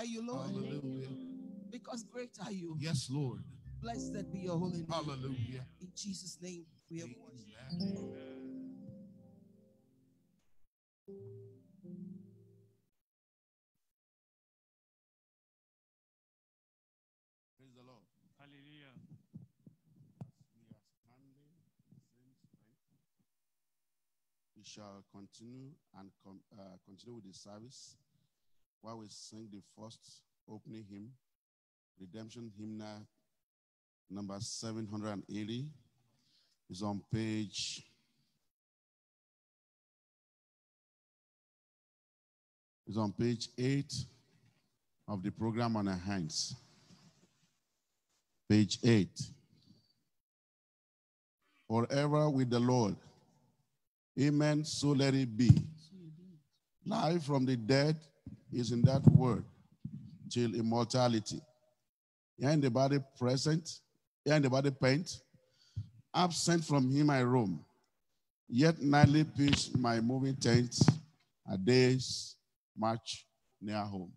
are you, Lord. Hallelujah. Because great are you. Yes, Lord. Blessed be your holy name. Hallelujah. In Jesus' name we have worshiped. shall continue and com, uh, continue with the service while we sing the first opening hymn, Redemption Hymnal number 780 is on page is on page 8 of the program on our hands. Page 8. Forever with the Lord. Amen. So let it be. Life from the dead is in that word till immortality. and in the body present, and in the body paint, absent from him I roam, yet nightly pitch my moving tent, a day's march near home.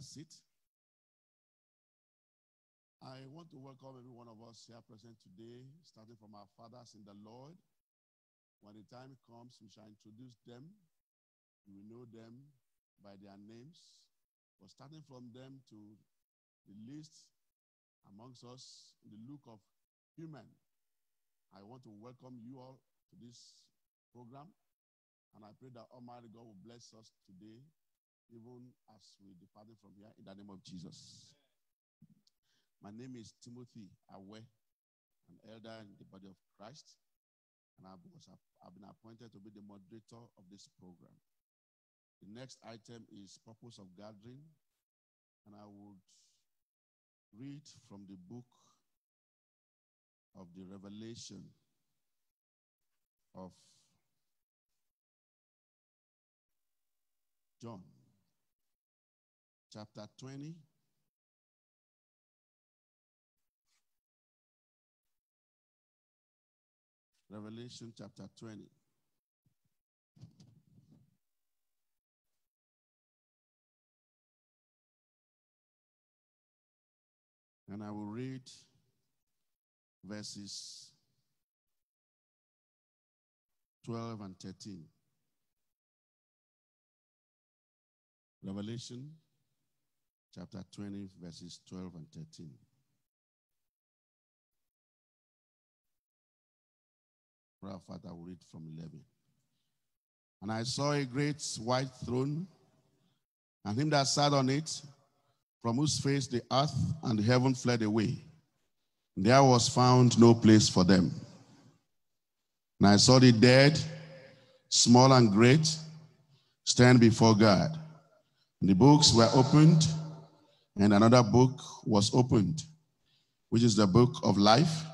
their seat. I want to welcome every one of us here present today, starting from our fathers in the Lord. When the time comes, we shall introduce them. We will know them by their names. But starting from them to the least amongst us, the look of human, I want to welcome you all to this program. And I pray that Almighty God will bless us today even as we departed from here, in the name of Jesus. My name is Timothy Awe, an elder in the body of Christ, and I was, I've been appointed to be the moderator of this program. The next item is purpose of gathering, and I would read from the book of the Revelation of John chapter 20. Revelation chapter 20. And I will read verses 12 and 13. Revelation chapter 20, verses 12 and 13. Prayer Father will read from 11. And I saw a great white throne, and him that sat on it, from whose face the earth and the heaven fled away. There was found no place for them. And I saw the dead, small and great, stand before God. And the books were opened, and another book was opened, which is the book of life.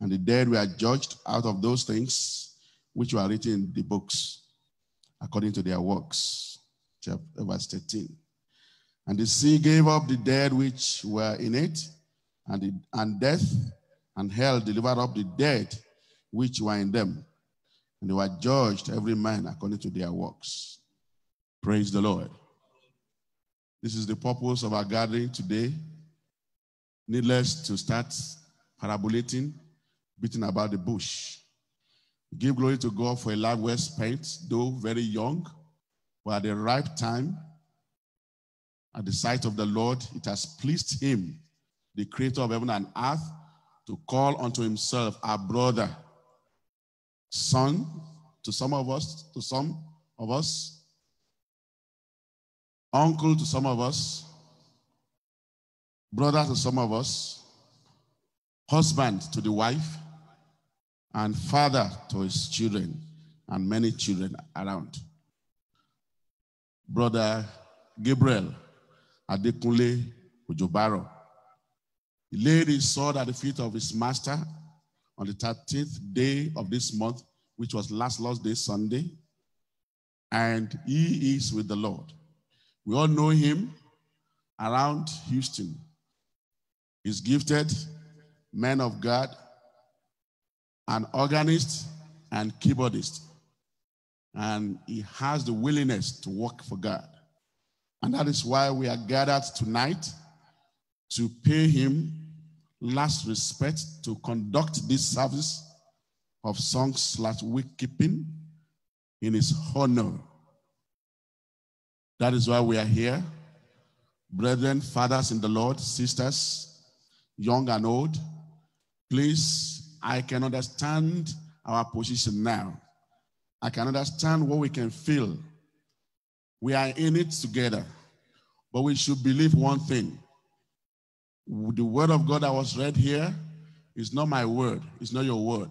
And the dead were judged out of those things which were written in the books according to their works. Chapter, uh, verse 13. And the sea gave up the dead which were in it, and, the, and death and hell delivered up the dead which were in them. And they were judged, every man according to their works. Praise the Lord. This is the purpose of our gathering today. Needless to start parabolating, beating about the bush. Give glory to God for a life well spent, though very young, but at the ripe time, at the sight of the Lord, it has pleased him, the creator of heaven and earth, to call unto himself our brother, son, to some of us, to some of us, uncle to some of us, brother to some of us, husband to the wife, and father to his children, and many children around. Brother Gabriel Adekunle Ojobaro. He laid his sword at the feet of his master on the 13th day of this month, which was last Lord's Day, Sunday, and he is with the Lord. We all know him around Houston. He's gifted, man of God, an organist and keyboardist. And he has the willingness to work for God. And that is why we are gathered tonight to pay him last respect to conduct this service of songs last week keeping in his honor. That is why we are here. Brethren, fathers in the Lord, sisters, young and old, please, I can understand our position now. I can understand what we can feel. We are in it together. But we should believe one thing the word of God that was read here is not my word, it's not your word.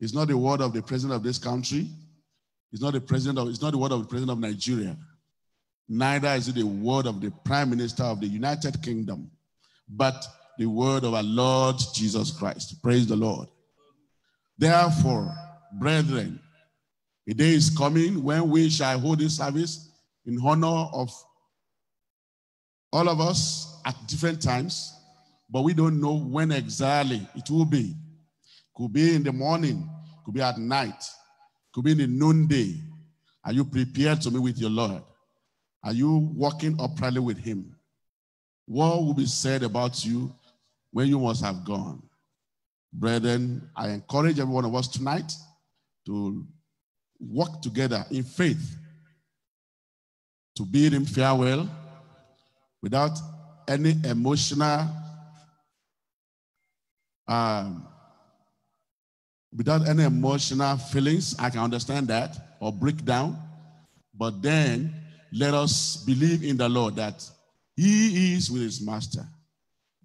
It's not the word of the president of this country. It's not the president of, it's not the word of the president of Nigeria neither is it the word of the Prime Minister of the United Kingdom, but the word of our Lord Jesus Christ. Praise the Lord. Therefore, brethren, a day is coming when we shall hold this service in honor of all of us at different times, but we don't know when exactly it will be. Could be in the morning, could be at night, could be in the noonday. Are you prepared to meet with your Lord? Are you walking uprightly with him? What will be said about you when you must have gone? Brethren, I encourage every one of us tonight to walk together in faith, to bid him farewell without any emotional, um, without any emotional feelings. I can understand that or breakdown, but then let us believe in the Lord that he is with his master.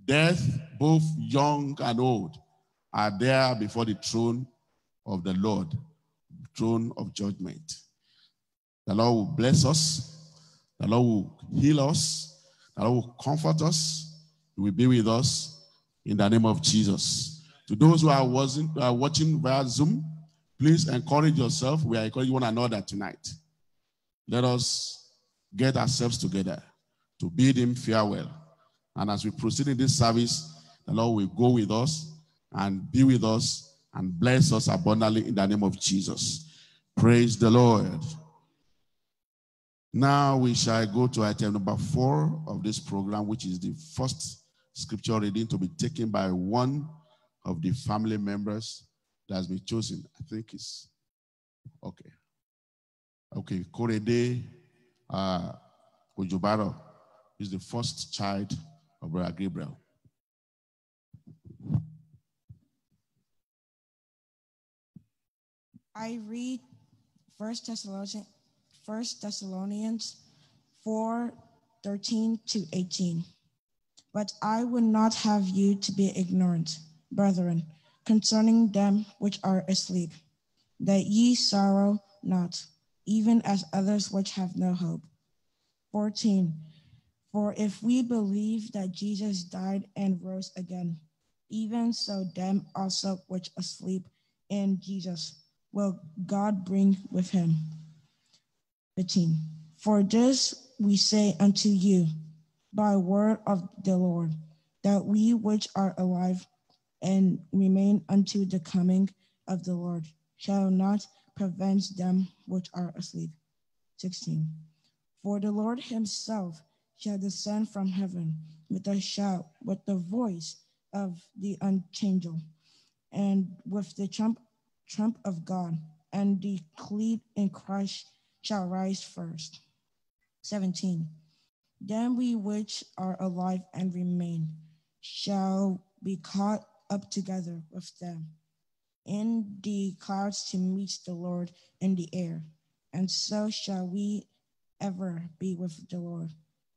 Death, both young and old, are there before the throne of the Lord, throne of judgment. The Lord will bless us. The Lord will heal us. The Lord will comfort us. He will be with us in the name of Jesus. To those who are, watching, via Zoom, please encourage yourself. We are encouraging one another tonight. Let us get ourselves together to bid him farewell. And as we proceed in this service, the Lord will go with us and be with us and bless us abundantly in the name of Jesus. Praise the Lord. Now we shall go to item number four of this program, which is the first scripture reading to be taken by one of the family members that has been chosen. I think it's okay. Okay, Korede uh, Ujubaro is the first child of Brother Gabriel. I read First Thessalonians, First Thessalonians 4 13 to 18. But I would not have you to be ignorant, brethren, concerning them which are asleep, that ye sorrow not even as others which have no hope. 14. For if we believe that Jesus died and rose again, even so them also which asleep in Jesus will God bring with him. 15. For this we say unto you by word of the Lord, that we which are alive and remain unto the coming of the Lord shall not prevents them which are asleep. 16. For the Lord himself shall descend from heaven with a shout, with the voice of the unchangeable, and with the trump, trump of God, and the cleat in Christ shall rise first. 17. Then we which are alive and remain shall be caught up together with them in the clouds to meet the Lord in the air. And so shall we ever be with the Lord.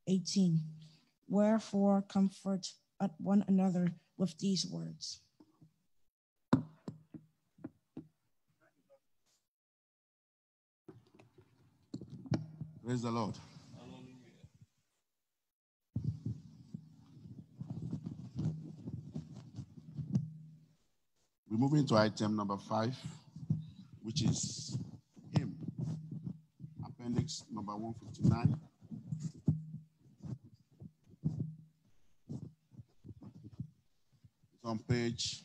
18. Wherefore comfort one another with these words. Praise the Lord. We're moving to item number five, which is him, appendix number 159. It's on page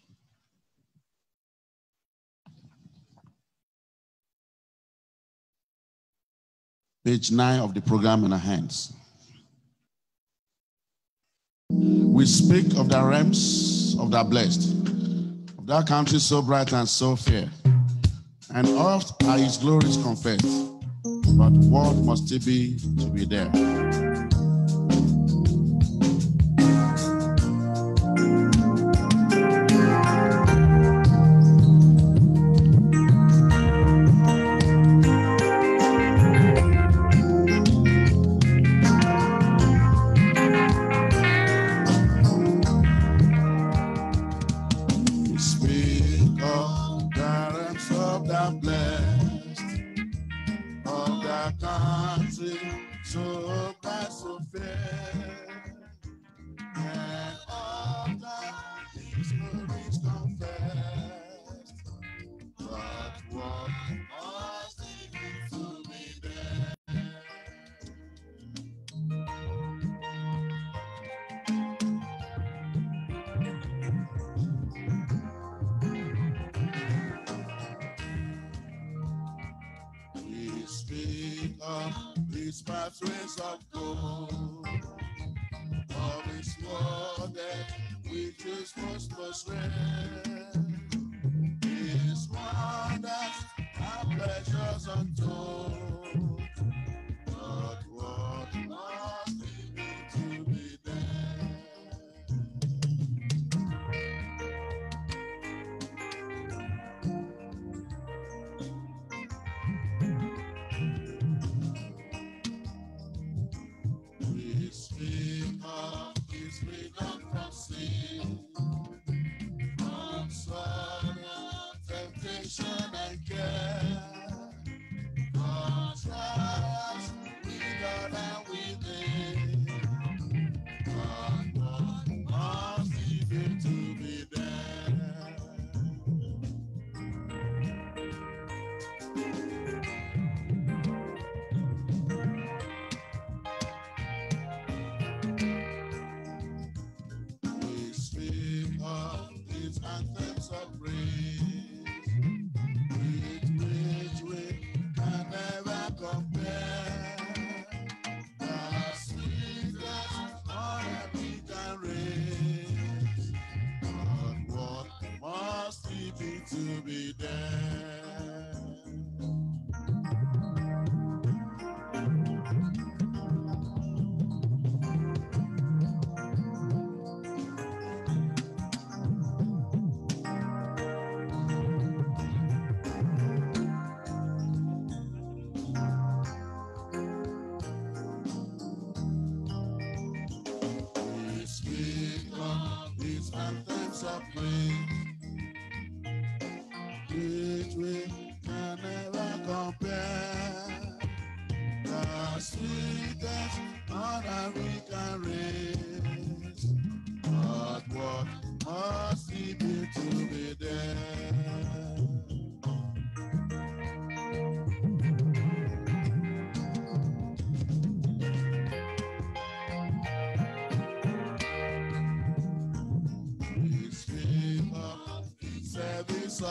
page 9 of the program in our hands. We speak of the realms of the blessed that country so bright and so fair, and oft are his glories confessed, but what must it be to be there?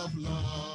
of love.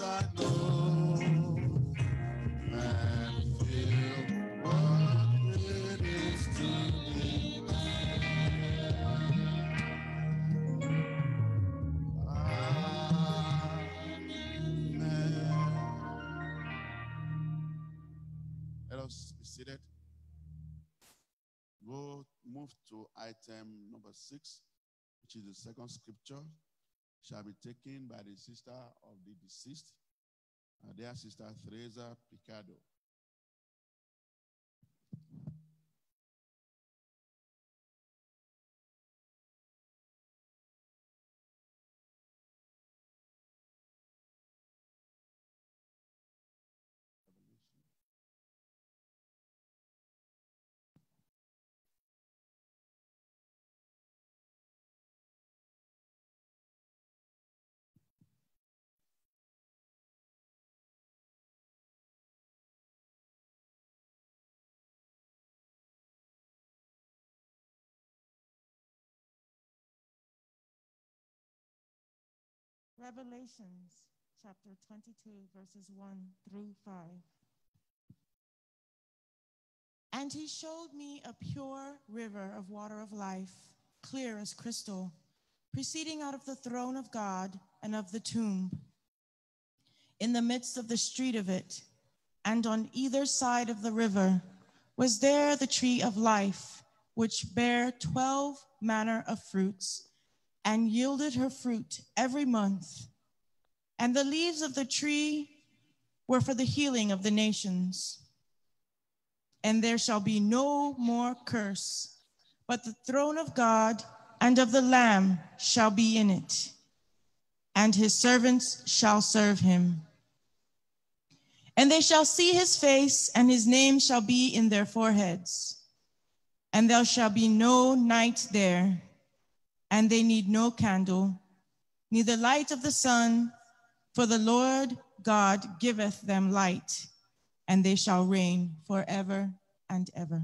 Let us be seated. Go move to item number six, which is the second scripture, shall be taken by the sister deceased, uh, dear Sister Teresa Picado. Revelations chapter 22, verses 1 through 5. And he showed me a pure river of water of life, clear as crystal, proceeding out of the throne of God and of the tomb. In the midst of the street of it, and on either side of the river, was there the tree of life, which bare twelve manner of fruits and yielded her fruit every month. And the leaves of the tree were for the healing of the nations. And there shall be no more curse, but the throne of God and of the Lamb shall be in it, and his servants shall serve him. And they shall see his face, and his name shall be in their foreheads. And there shall be no night there and they need no candle, neither light of the sun, for the Lord God giveth them light, and they shall reign forever and ever.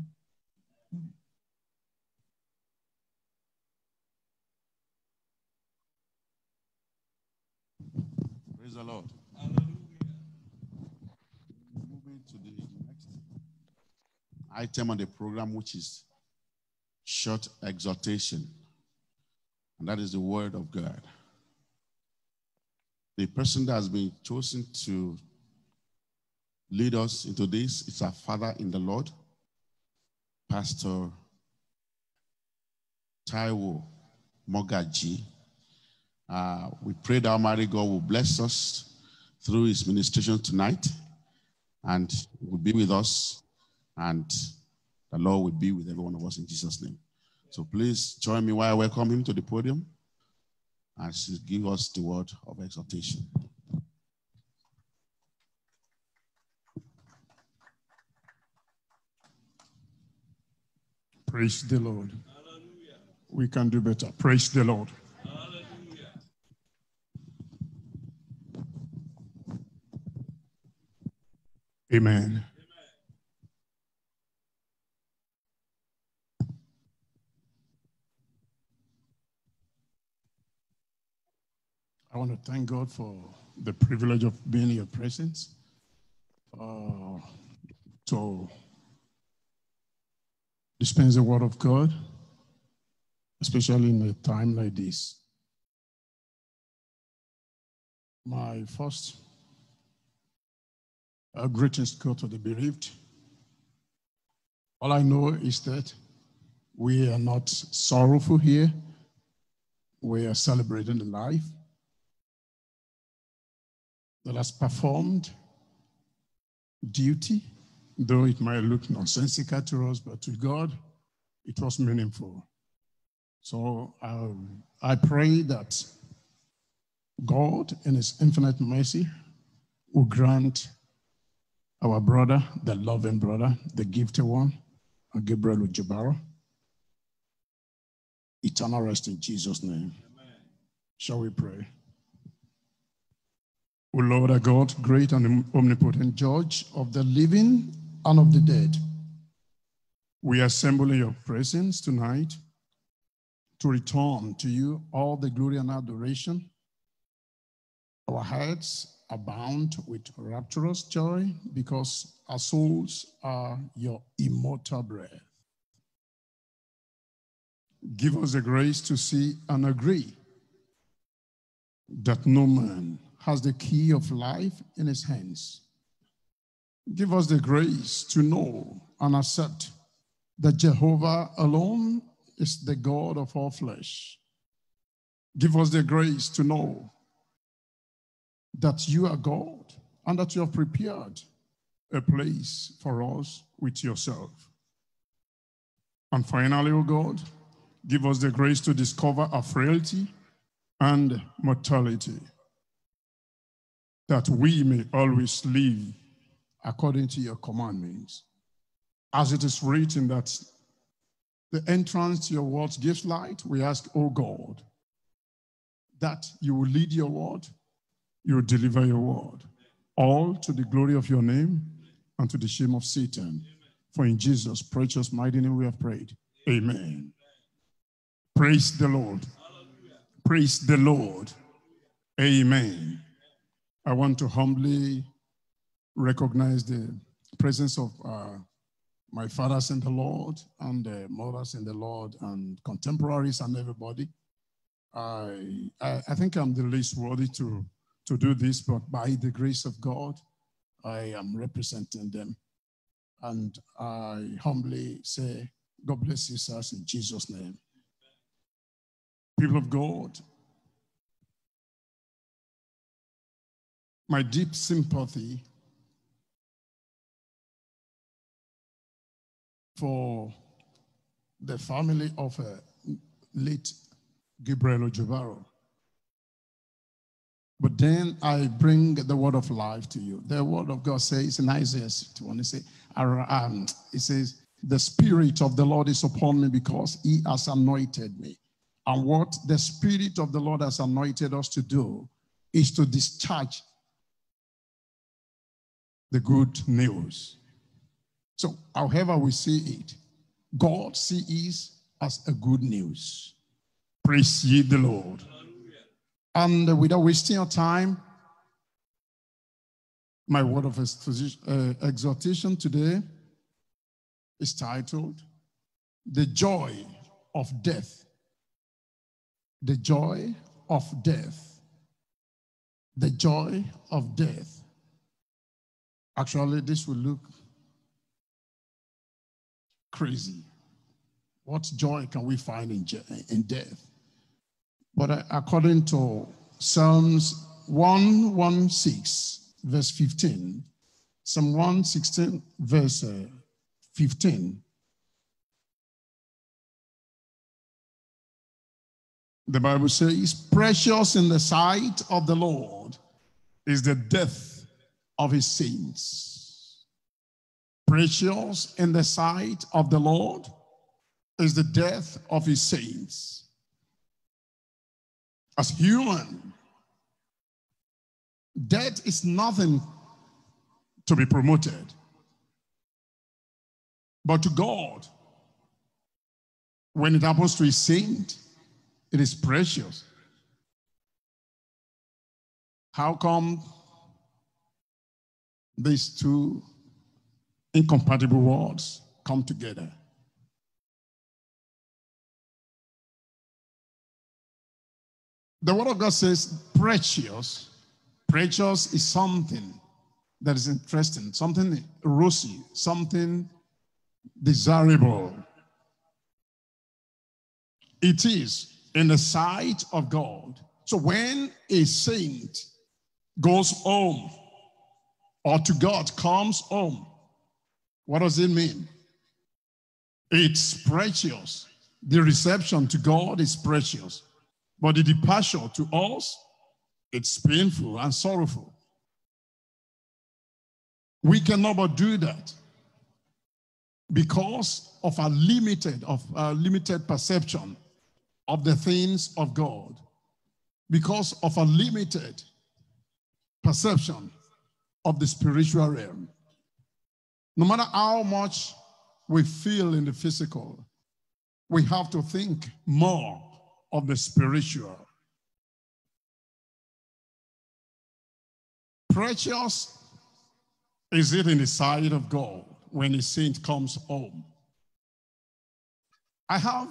Praise the Lord. Moving to the next item on the program, which is short exhortation and that is the word of God. The person that has been chosen to lead us into this is our father in the Lord, Pastor Taiwo Mogaji. Uh, we pray that Almighty God will bless us through his ministration tonight and will be with us, and the Lord will be with every one of us in Jesus' name. So please join me while I welcome him to the podium and she give us the word of exhortation. Praise the Lord. Hallelujah. We can do better. Praise the Lord. Hallelujah. Amen. I want to thank God for the privilege of being in your presence. Uh, to dispense the word of God, especially in a time like this. My first uh, greetings go to the bereaved. All I know is that we are not sorrowful here. We are celebrating the life that has performed duty, though it might look nonsensical to us, but to God, it was meaningful. So um, I pray that God, in His infinite mercy, will grant our brother, the loving brother, the gifted one, Gabriel Ujibaro, eternal rest in Jesus' name. Amen. Shall we pray? O Lord our God, great and omnipotent judge of the living and of the dead, we assemble in your presence tonight to return to you all the glory and adoration. Our hearts abound with rapturous joy because our souls are your immortal breath. Give us the grace to see and agree that no man has the key of life in his hands. Give us the grace to know and accept that Jehovah alone is the God of all flesh. Give us the grace to know that you are God and that you have prepared a place for us with yourself. And finally, O oh God, give us the grace to discover our frailty and mortality that we may always live according to your commandments. As it is written that the entrance to your word gives light, we ask, O oh God, that you will lead your word, you will deliver your word, all to the glory of your name and to the shame of Satan. For in Jesus' precious mighty name we have prayed. Amen. Praise the Lord. Praise the Lord. Amen. I want to humbly recognize the presence of uh, my fathers in the Lord and the mothers in the Lord and contemporaries and everybody. I, I, I, think I'm the least worthy to, to do this, but by the grace of God, I am representing them. And I humbly say, God bless you, sirs, in Jesus' name. People of God, my deep sympathy for the family of uh, late Gabriel Ojubaro. But then I bring the word of life to you. The word of God says in Isaiah 51, it says, um, it says, the spirit of the Lord is upon me because he has anointed me. And what the spirit of the Lord has anointed us to do is to discharge the good news. So, however we see it, God sees as a good news. Praise ye the Lord. And without wasting your time, my word of uh, exhortation today is titled The Joy of Death. The Joy of Death. The Joy of Death. Actually, this will look crazy. What joy can we find in, in death? But uh, according to Psalms 116, verse 15, Psalm 116, verse uh, 15, the Bible says, Precious in the sight of the Lord is the death of his saints. Precious in the sight of the Lord is the death of his saints. As human, death is nothing to be promoted. But to God, when it happens to a saint, it is precious. How come these two incompatible worlds come together. The Word of God says, precious. Precious is something that is interesting, something rosy, something desirable. It is in the sight of God. So when a saint goes home or to God comes home. What does it mean? It's precious. The reception to God is precious, but the departure to us, it's painful and sorrowful. We cannot but do that because of our limited, of our limited perception of the things of God, because of a limited perception of the spiritual realm. No matter how much we feel in the physical, we have to think more of the spiritual. Precious is it in the sight of God when a saint comes home. I have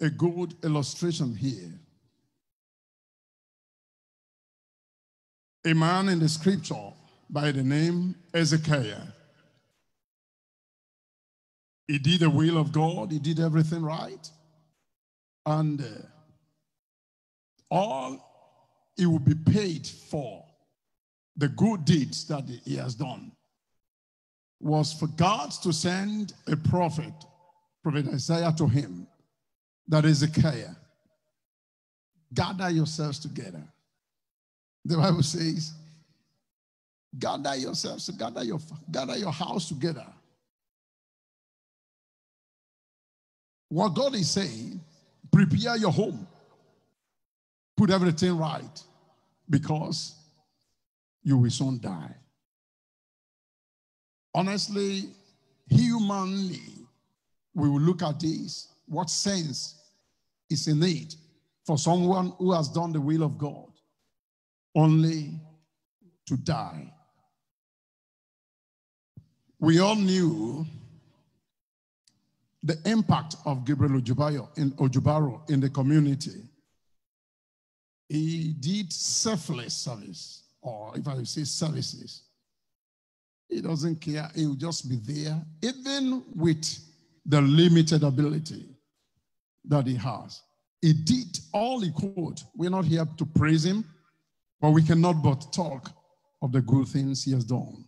a good illustration here a man in the scripture by the name Ezekiel. He did the will of God, he did everything right. And uh, all he will be paid for the good deeds that he has done was for God to send a prophet, Prophet Isaiah, to him, that Ezekiel. Gather yourselves together the Bible says, gather yourselves, gather your, gather your house together. What God is saying, prepare your home, put everything right, because you will soon die. Honestly, humanly, we will look at this. What sense is in it for someone who has done the will of God? only to die. We all knew the impact of Gabriel Ojubayo in Ojubaro in the community. He did selfless service, or if I say services. He doesn't care. He will just be there, even with the limited ability that he has. He did all he could. We're not here to praise him. But we cannot but talk of the good things he has done.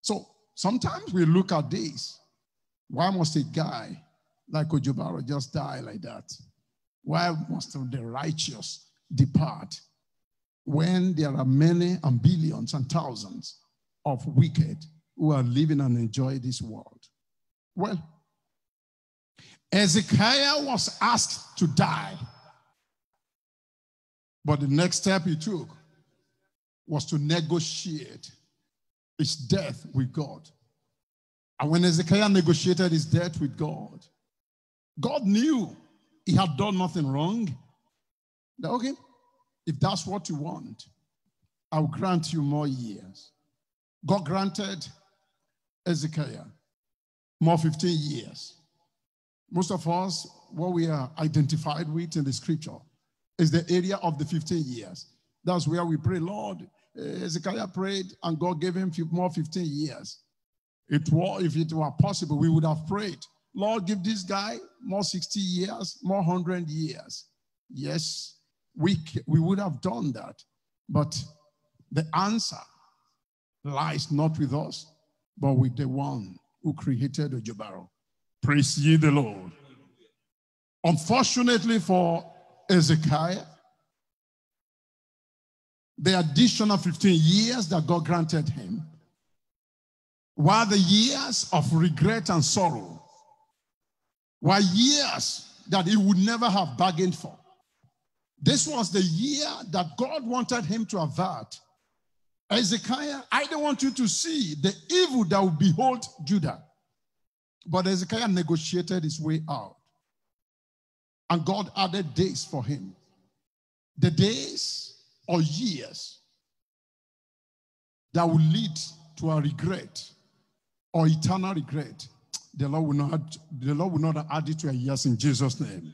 So sometimes we look at this. Why must a guy like Ojubaro just die like that? Why must the righteous depart when there are many and billions and thousands of wicked who are living and enjoy this world? Well, Ezekiel was asked to die. But the next step he took was to negotiate his death with God. And when Ezekiel negotiated his death with God, God knew he had done nothing wrong. Okay, if that's what you want, I'll grant you more years. God granted Ezekiel more 15 years. Most of us, what we are identified with in the scripture is the area of the 15 years. That's where we pray, Lord, Eh, Hezekiah prayed and God gave him more 15 years. It were, if it were possible, we would have prayed. Lord, give this guy more 60 years, more 100 years. Yes, we, we would have done that. But the answer lies not with us, but with the one who created Ojibaro. Praise ye the Lord. Unfortunately for Ezekiah, the additional 15 years that God granted him were the years of regret and sorrow, were years that he would never have bargained for. This was the year that God wanted him to avert. Ezekiah, I don't want you to see the evil that will behold Judah. But Ezekiah negotiated his way out. And God added days for him. The days or years that will lead to a regret or eternal regret, the Lord will not, add, the Lord will not add it to your years in Jesus' name.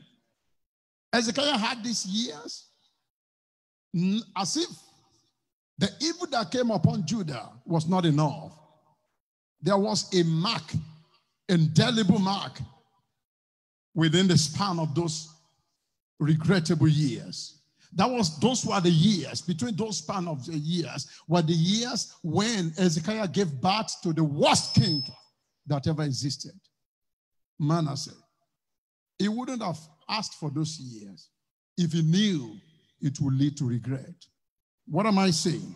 Ezekiel had these years as if the evil that came upon Judah was not enough. There was a mark, indelible mark, within the span of those regrettable years. That was those were the years between those span of the years were the years when Ezekiah gave birth to the worst king that ever existed, Manasseh. He wouldn't have asked for those years if he knew it would lead to regret. What am I saying?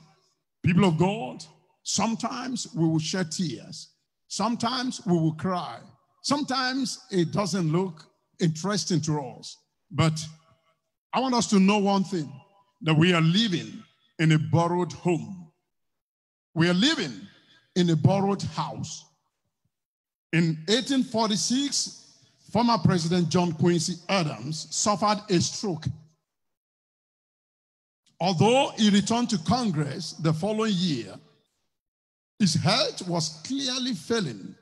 People of God, sometimes we will shed tears, sometimes we will cry, sometimes it doesn't look interesting to us, but I want us to know one thing that we are living in a borrowed home. We are living in a borrowed house. In 1846, former President John Quincy Adams suffered a stroke. Although he returned to Congress the following year, his health was clearly failing.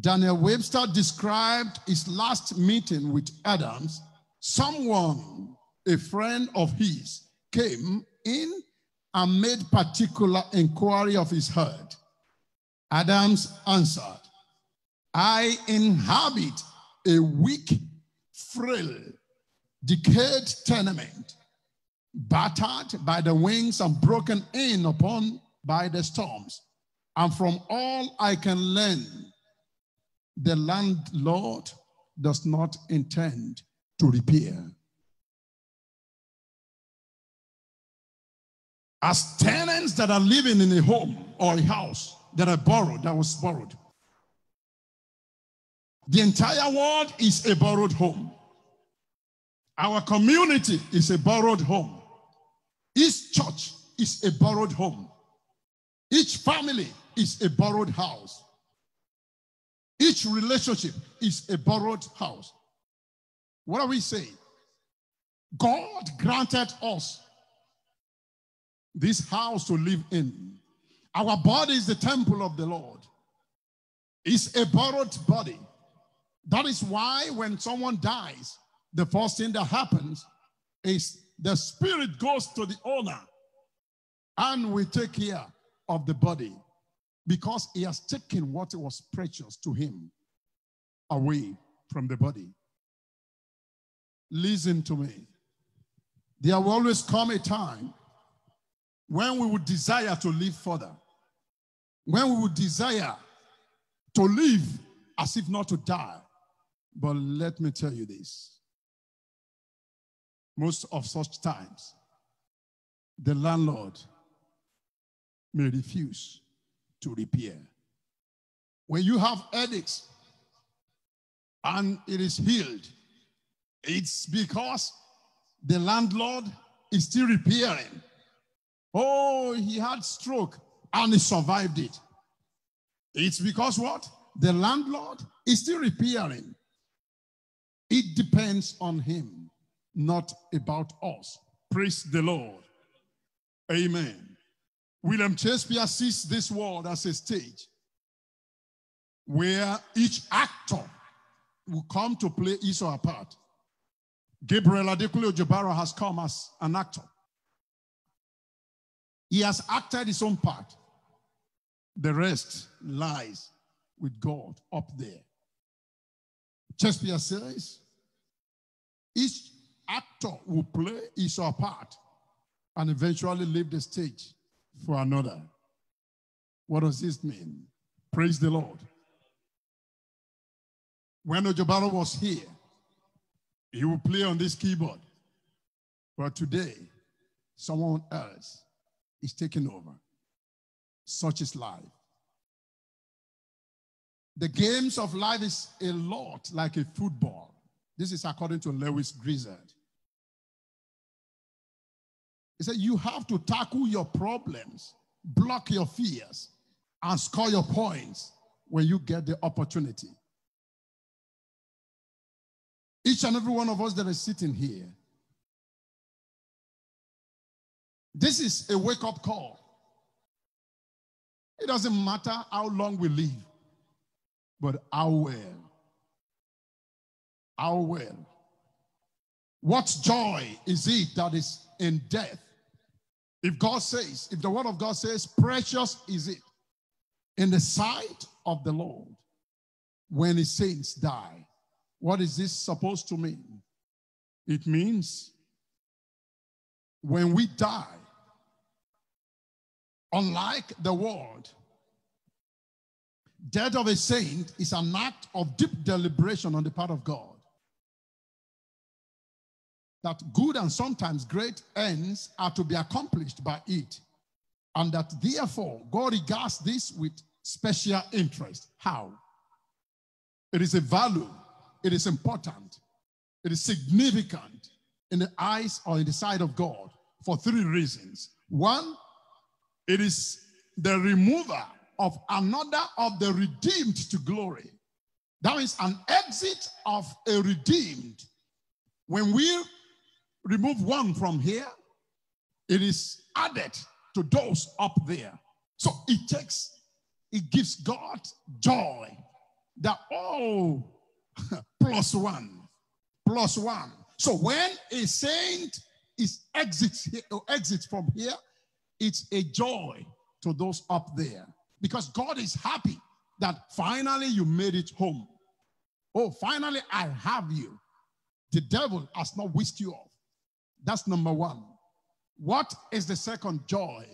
Daniel Webster described his last meeting with Adams someone, a friend of his, came in and made particular inquiry of his herd. Adams answered, I inhabit a weak, frail, decayed tenement, battered by the winds and broken in upon by the storms. And from all I can learn, the landlord does not intend to repair. As tenants that are living in a home or a house that are borrowed, that was borrowed. The entire world is a borrowed home. Our community is a borrowed home. Each church is a borrowed home. Each family is a borrowed house. Each relationship is a borrowed house. What are we saying? God granted us this house to live in. Our body is the temple of the Lord. It's a borrowed body. That is why when someone dies, the first thing that happens is the spirit goes to the owner and we take care of the body because he has taken what was precious to him away from the body. Listen to me. There will always come a time when we would desire to live further, when we would desire to live as if not to die. But let me tell you this most of such times, the landlord may refuse to repair. When you have headaches and it is healed, it's because the landlord is still repairing. Oh, he had stroke and he survived it. It's because what? The landlord is still repairing. It depends on him, not about us. Praise the Lord. Amen. William Shakespeare sees this world as a stage where each actor will come to play his or her part. Gabriel Adekunle Ojibara has come as an actor. He has acted his own part. The rest lies with God up there. Shakespeare says, each actor will play his or part and eventually leave the stage for another. What does this mean? Praise the Lord. When Ojobaro was here, he will play on this keyboard. But today, someone else is taking over. Such is life. The games of life is a lot like a football. This is according to Lewis Grizzard. He said, You have to tackle your problems, block your fears, and score your points when you get the opportunity. Each and every one of us that is sitting here. This is a wake up call. It doesn't matter how long we live, but how well. How well. What joy is it that is in death? If God says, if the word of God says, precious is it in the sight of the Lord when his saints die. What is this supposed to mean? It means when we die, unlike the world, death of a saint is an act of deep deliberation on the part of God. That good and sometimes great ends are to be accomplished by it, and that therefore God regards this with special interest. How? It is a value it is important, it is significant in the eyes or in the sight of God for three reasons. One, it is the remover of another of the redeemed to glory. That is an exit of a redeemed. When we remove one from here, it is added to those up there. So it takes, it gives God joy that, oh, plus one, plus one. So when a saint is exits uh, exits from here, it's a joy to those up there because God is happy that finally you made it home. Oh, finally I have you. The devil has not whisked you off. That's number one. What is the second joy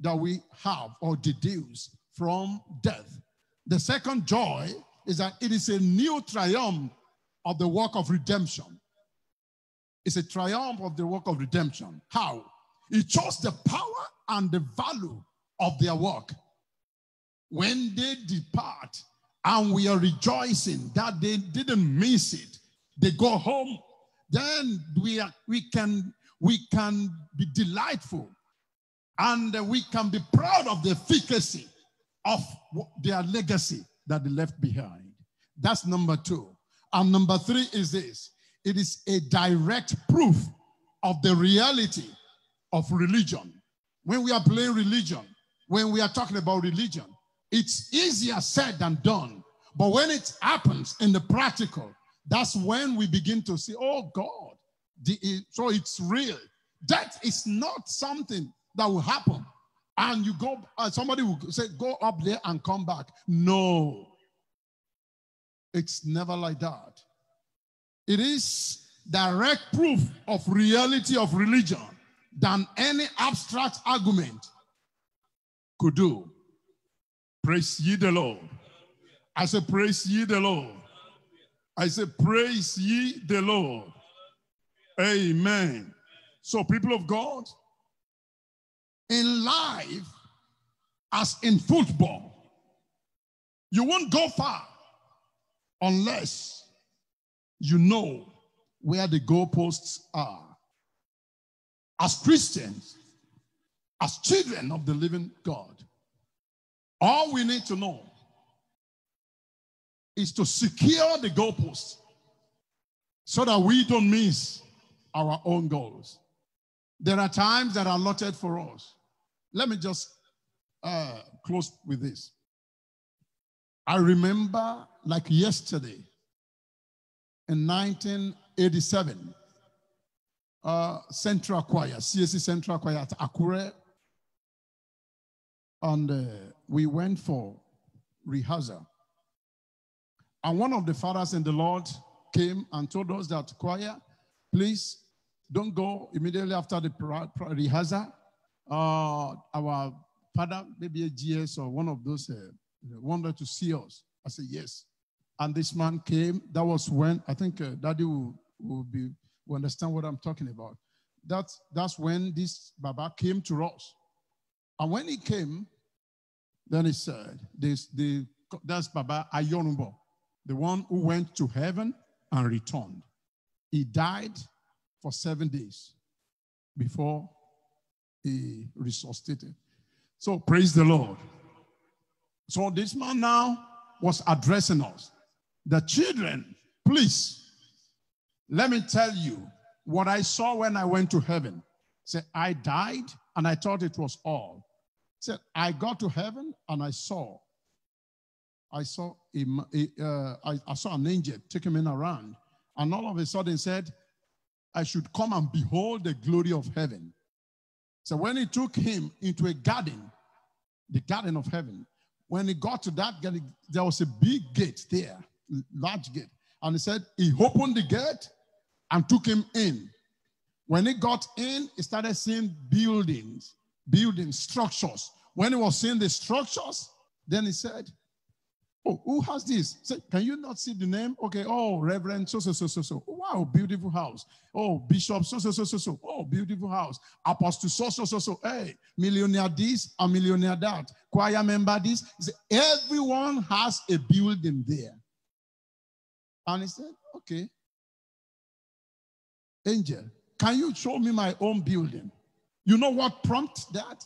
that we have or deduce from death? The second joy is that it is a new triumph of the work of redemption. It's a triumph of the work of redemption. How? He chose the power and the value of their work. When they depart, and we are rejoicing that they didn't miss it, they go home. Then we are, we can we can be delightful, and we can be proud of the efficacy of their legacy that they left behind. That's number two. And number three is this it is a direct proof of the reality of religion. When we are playing religion, when we are talking about religion, it's easier said than done. But when it happens in the practical, that's when we begin to see, oh God, the, so it's real. That is not something that will happen and you go, uh, somebody will say, go up there and come back. No. It's never like that. It is direct proof of reality of religion than any abstract argument could do. Praise ye the Lord. I say, praise ye the Lord. I say, praise ye the Lord. Amen. So, people of God, in life as in football. You won't go far unless you know where the goalposts are. As Christians, as children of the living God, all we need to know is to secure the goalposts so that we don't miss our own goals. There are times that are allotted for us. Let me just uh, close with this. I remember like yesterday in 1987, uh, Central Choir, CSC Central Choir at Akure. And uh, we went for rehearsal. And one of the fathers in the Lord came and told us that choir, please don't go immediately after the rehearsal uh, our father, maybe a GS or one of those, uh, wanted to see us. I said, yes. And this man came. That was when, I think uh, daddy will, will, be, will understand what I'm talking about. That's, that's when this Baba came to us. And when he came, then he said, this, the, that's Baba Ayonubo, the one who went to heaven and returned. He died for seven days before he resuscitated. So praise the Lord. So this man now was addressing us. The children, please, let me tell you what I saw when I went to heaven. Say, I died and I thought it was all. Said, I got to heaven and I saw. I saw a, uh, I, I saw an angel taking me around, and all of a sudden said, I should come and behold the glory of heaven. So when he took him into a garden, the garden of heaven, when he got to that garden, there was a big gate there, large gate. And he said, he opened the gate and took him in. When he got in, he started seeing buildings, building structures. When he was seeing the structures, then he said, Oh, who has this? Say, can you not see the name? Okay. Oh, Reverend, so, so, so, so, so. Wow, beautiful house. Oh, Bishop, so, so, so, so, so. Oh, beautiful house. Apostle, so, so, so, so. Hey, millionaire this a millionaire that. Choir member this. Say, everyone has a building there. And he said, okay. Angel, can you show me my own building? You know what prompted that?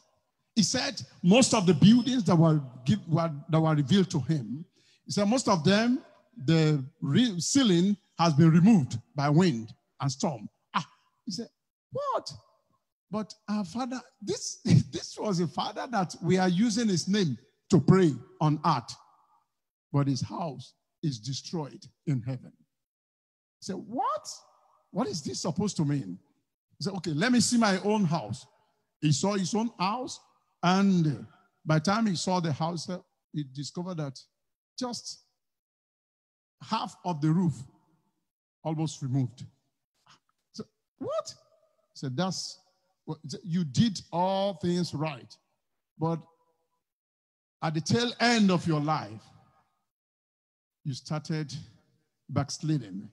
He said most of the buildings that were, give, were, that were revealed to him, he said most of them, the re- ceiling has been removed by wind and storm. Ah, he said, what? But our father, this, this was a father that we are using his name to pray on earth, but his house is destroyed in heaven. He said, what? What is this supposed to mean? He said, okay, let me see my own house. He saw his own house and by the time he saw the house, uh, he discovered that just half of the roof almost removed. So, what? He said, that's what, you did all things right. But at the tail end of your life, you started backsliding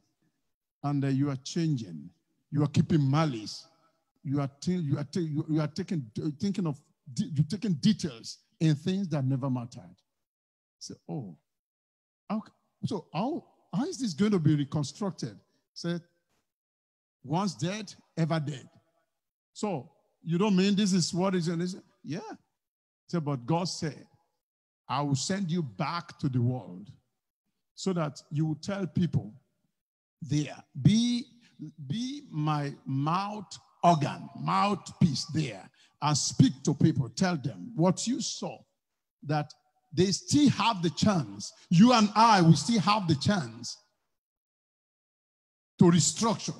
and uh, you are changing. You are keeping malice. You are, you are, you are taking, uh, thinking of you've taken details in things that never mattered. Say, so, oh, so how, how is this going to be reconstructed? Said, once dead, ever dead. So you don't mean this is what is in Yeah. So, but God said, I will send you back to the world so that you will tell people there, be, be my mouth organ, mouthpiece there and speak to people. Tell them what you saw, that they still have the chance. You and I, we still have the chance to restructure.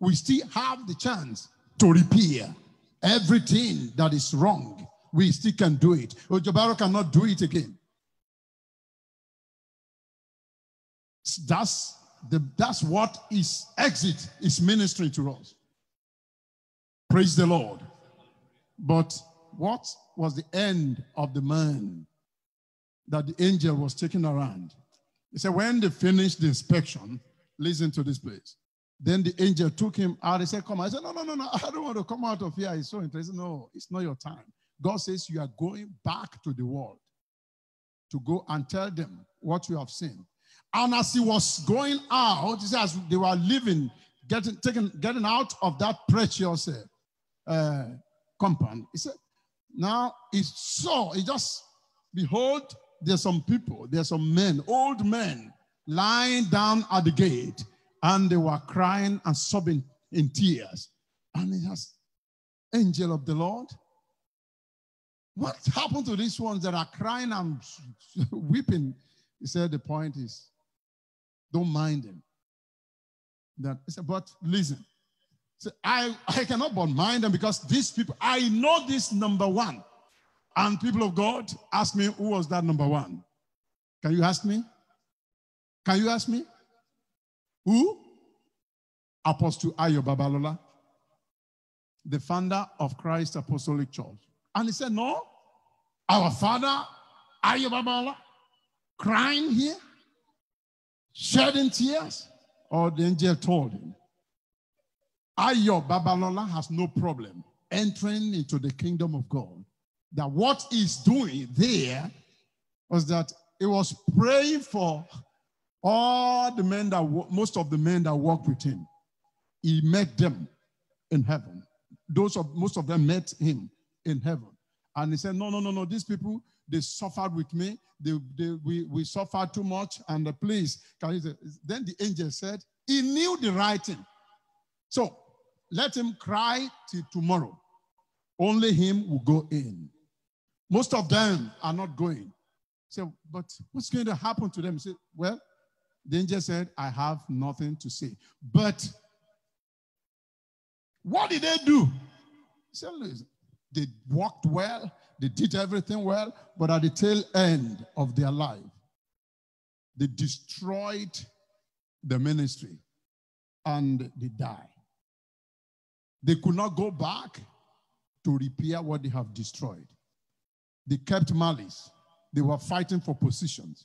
We still have the chance to repair everything that is wrong. We still can do it. Ojabaro cannot do it again. That's, the, that's what is exit is ministering to us. Praise the Lord. But what was the end of the man that the angel was taking around? He said, when they finished the inspection, listen to this place. Then the angel took him out. He said, Come I said, No, no, no, no. I don't want to come out of here. It's so interesting. No, it's not your time. God says you are going back to the world to go and tell them what you have seen. And as he was going out, he says they were leaving, getting taken, getting out of that precious uh, compound. He said, now he saw, he just, behold, there's some people, there's some men, old men, lying down at the gate, and they were crying and sobbing in tears. And he has, angel of the Lord, what happened to these ones that are crying and weeping? He said, the point is, don't mind them. That he said, but listen, so I, I cannot but mind them because these people, I know this number one. And people of God, ask me who was that number one? Can you ask me? Can you ask me? Who? Apostle Ayo Babalola, the founder of Christ Apostolic Church. And he said, No, our father, Ayo Babalola, crying here, shedding tears. Or the angel told him, Ayo Babalola has no problem entering into the kingdom of God. That what he's doing there was that he was praying for all the men that, most of the men that worked with him. He met them in heaven. Those of, most of them met him in heaven. And he said, no, no, no, no, these people, they suffered with me. They, they, we, we suffered too much. And the please, can you then the angel said, he knew the writing. So let him cry till tomorrow. Only him will go in. Most of them are not going. So, but what's going to happen to them? Say, well, the angel said, I have nothing to say. But what did they do? they walked well, they did everything well, but at the tail end of their life, they destroyed the ministry and they died. They could not go back to repair what they have destroyed. They kept malice. They were fighting for positions.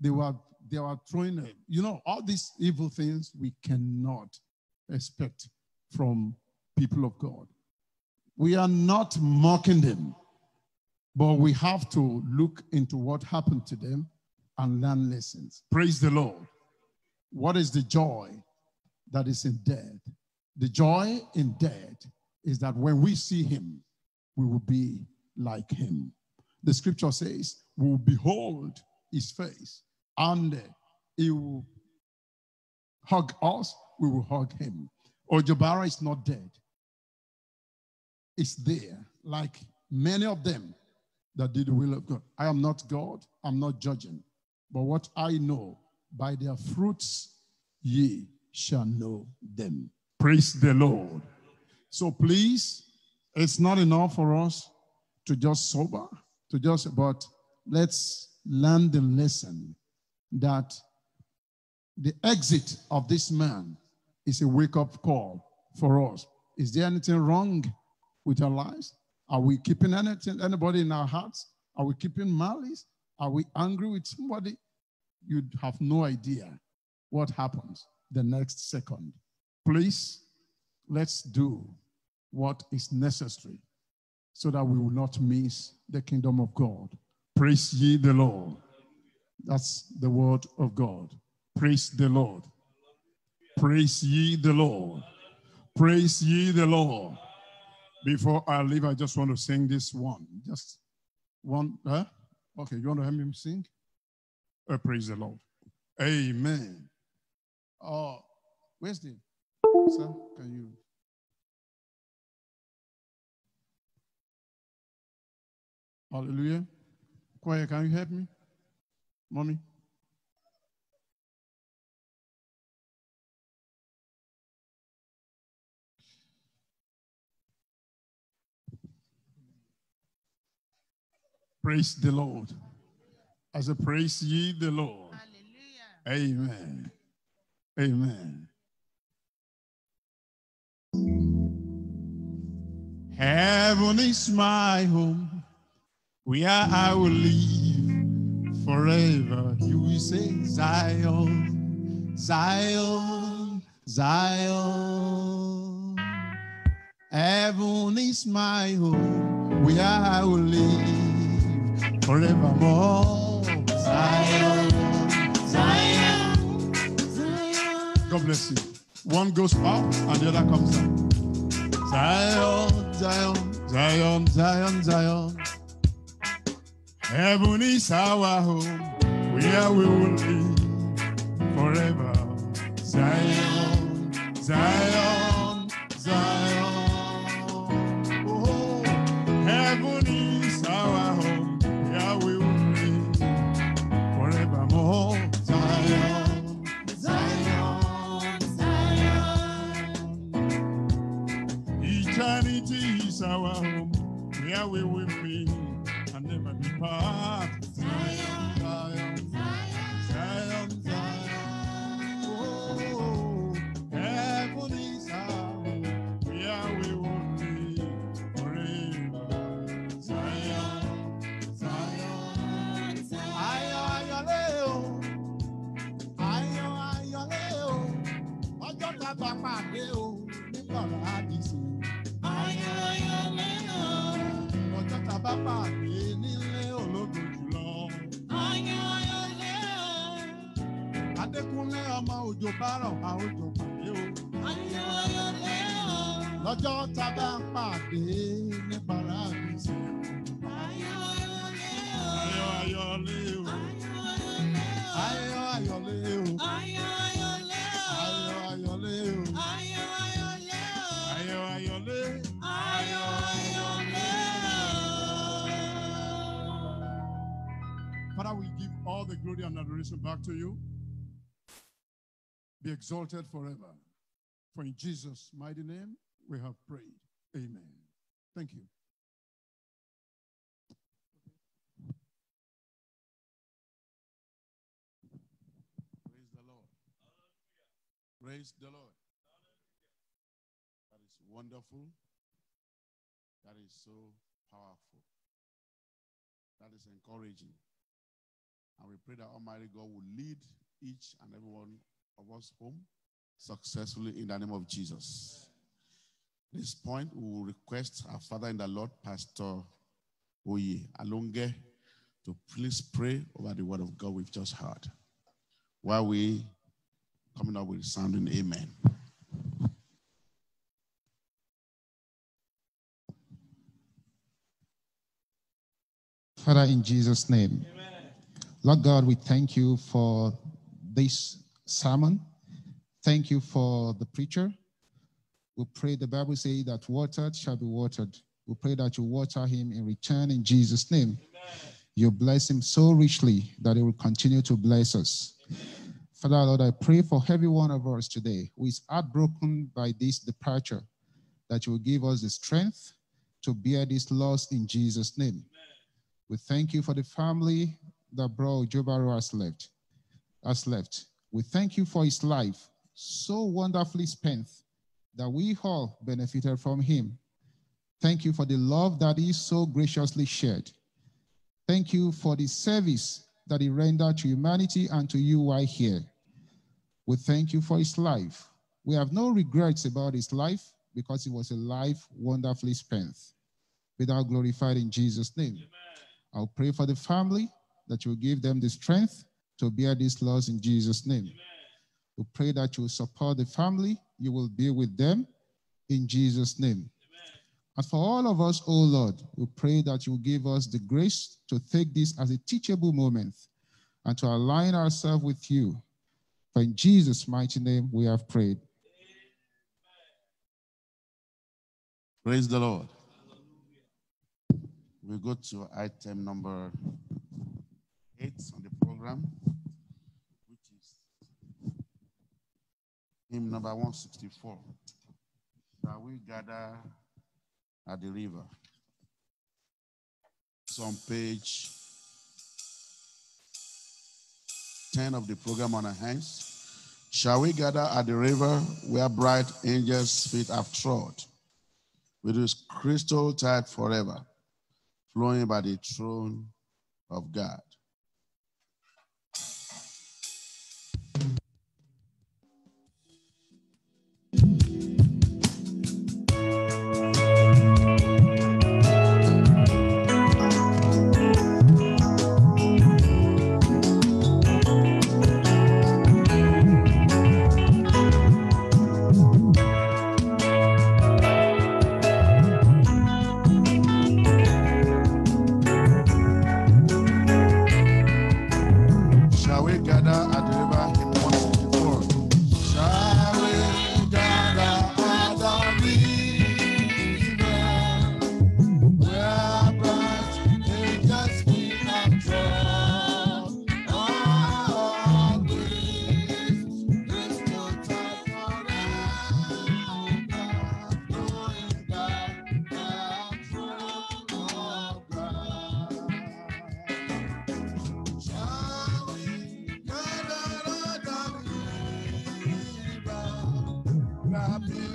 They were, they were throwing, you know, all these evil things we cannot expect from people of God. We are not mocking them, but we have to look into what happened to them and learn lessons. Praise the Lord. What is the joy that is in death? The joy in death is that when we see him, we will be like him. The scripture says, We will behold his face, and he will hug us, we will hug him. Ojabara is not dead, it's there, like many of them that did the will of God. I am not God, I'm not judging, but what I know, by their fruits ye shall know them. Praise the Lord. So please, it's not enough for us to just sober, to just, but let's learn the lesson that the exit of this man is a wake up call for us. Is there anything wrong with our lives? Are we keeping anything, anybody in our hearts? Are we keeping malice? Are we angry with somebody? You'd have no idea what happens the next second. Please, let's do what is necessary so that we will not miss the kingdom of God. Praise ye the Lord. That's the word of God. Praise the Lord. Praise ye the Lord. Praise ye the Lord. Before I leave, I just want to sing this one. Just one. Huh? Okay, you want to help me sing? Oh, praise the Lord. Amen. Oh, where's the sir? Can you? Hallelujah. Choir, can you help me? Mommy? Praise the Lord. As I praise ye the Lord. Hallelujah. Amen. Amen. Heaven is my home, where I will live forever. You will say, Zion, Zion, Zion. Heaven is my home, where I will live forevermore. Zion, Zion, Zion. God bless you. One goes up and the other comes down. Zion, Zion, Zion, Zion, Zion. Heaven is our home, where we will live forever. Zion, Zion, Zion. is our home. Here we will be and never be part. Father, we give all the glory and adoration back to you be exalted forever. For in Jesus' mighty name we have prayed. Amen. Thank you. Praise the Lord. Hallelujah. Praise the Lord. Hallelujah. That is wonderful. That is so powerful. That is encouraging. And we pray that Almighty God will lead each and every one of us home successfully in the name of Jesus. This point, we will request our Father in the Lord, Pastor Oye Alonge, to please pray over the word of God we've just heard. While we coming up with sounding amen. Father, in Jesus' name, amen. Lord God, we thank you for this sermon. Thank you for the preacher. We pray the Bible say that watered shall be watered. We pray that you water him in return in Jesus' name. Amen. You bless him so richly that he will continue to bless us. Amen. Father, Lord, I pray for every one of us today who is heartbroken by this departure, that you will give us the strength to bear this loss in Jesus' name. Amen. We thank you for the family that brought Jobaru has left. Has left. We thank you for his life, so wonderfully spent, that we all benefited from him. Thank you for the love that he so graciously shared. Thank you for the service that he rendered to humanity and to you while here. We thank you for his life. We have no regrets about his life because it was a life wonderfully spent. Without glorified in Jesus' name. Amen. I'll pray for the family that you give them the strength to bear these laws in Jesus' name. Amen. We pray that you will support the family, you will be with them in Jesus' name. And for all of us, O oh Lord, we pray that you give us the grace to take this as a teachable moment and to align ourselves with you. For in Jesus' mighty name we have prayed. Praise the Lord. We go to item number eight on the program, which is hymn number 164. Shall we gather at the river? It's on page 10 of the program on our hands. Shall we gather at the river where bright angels' feet have trod, with its crystal tide forever, flowing by the throne of God?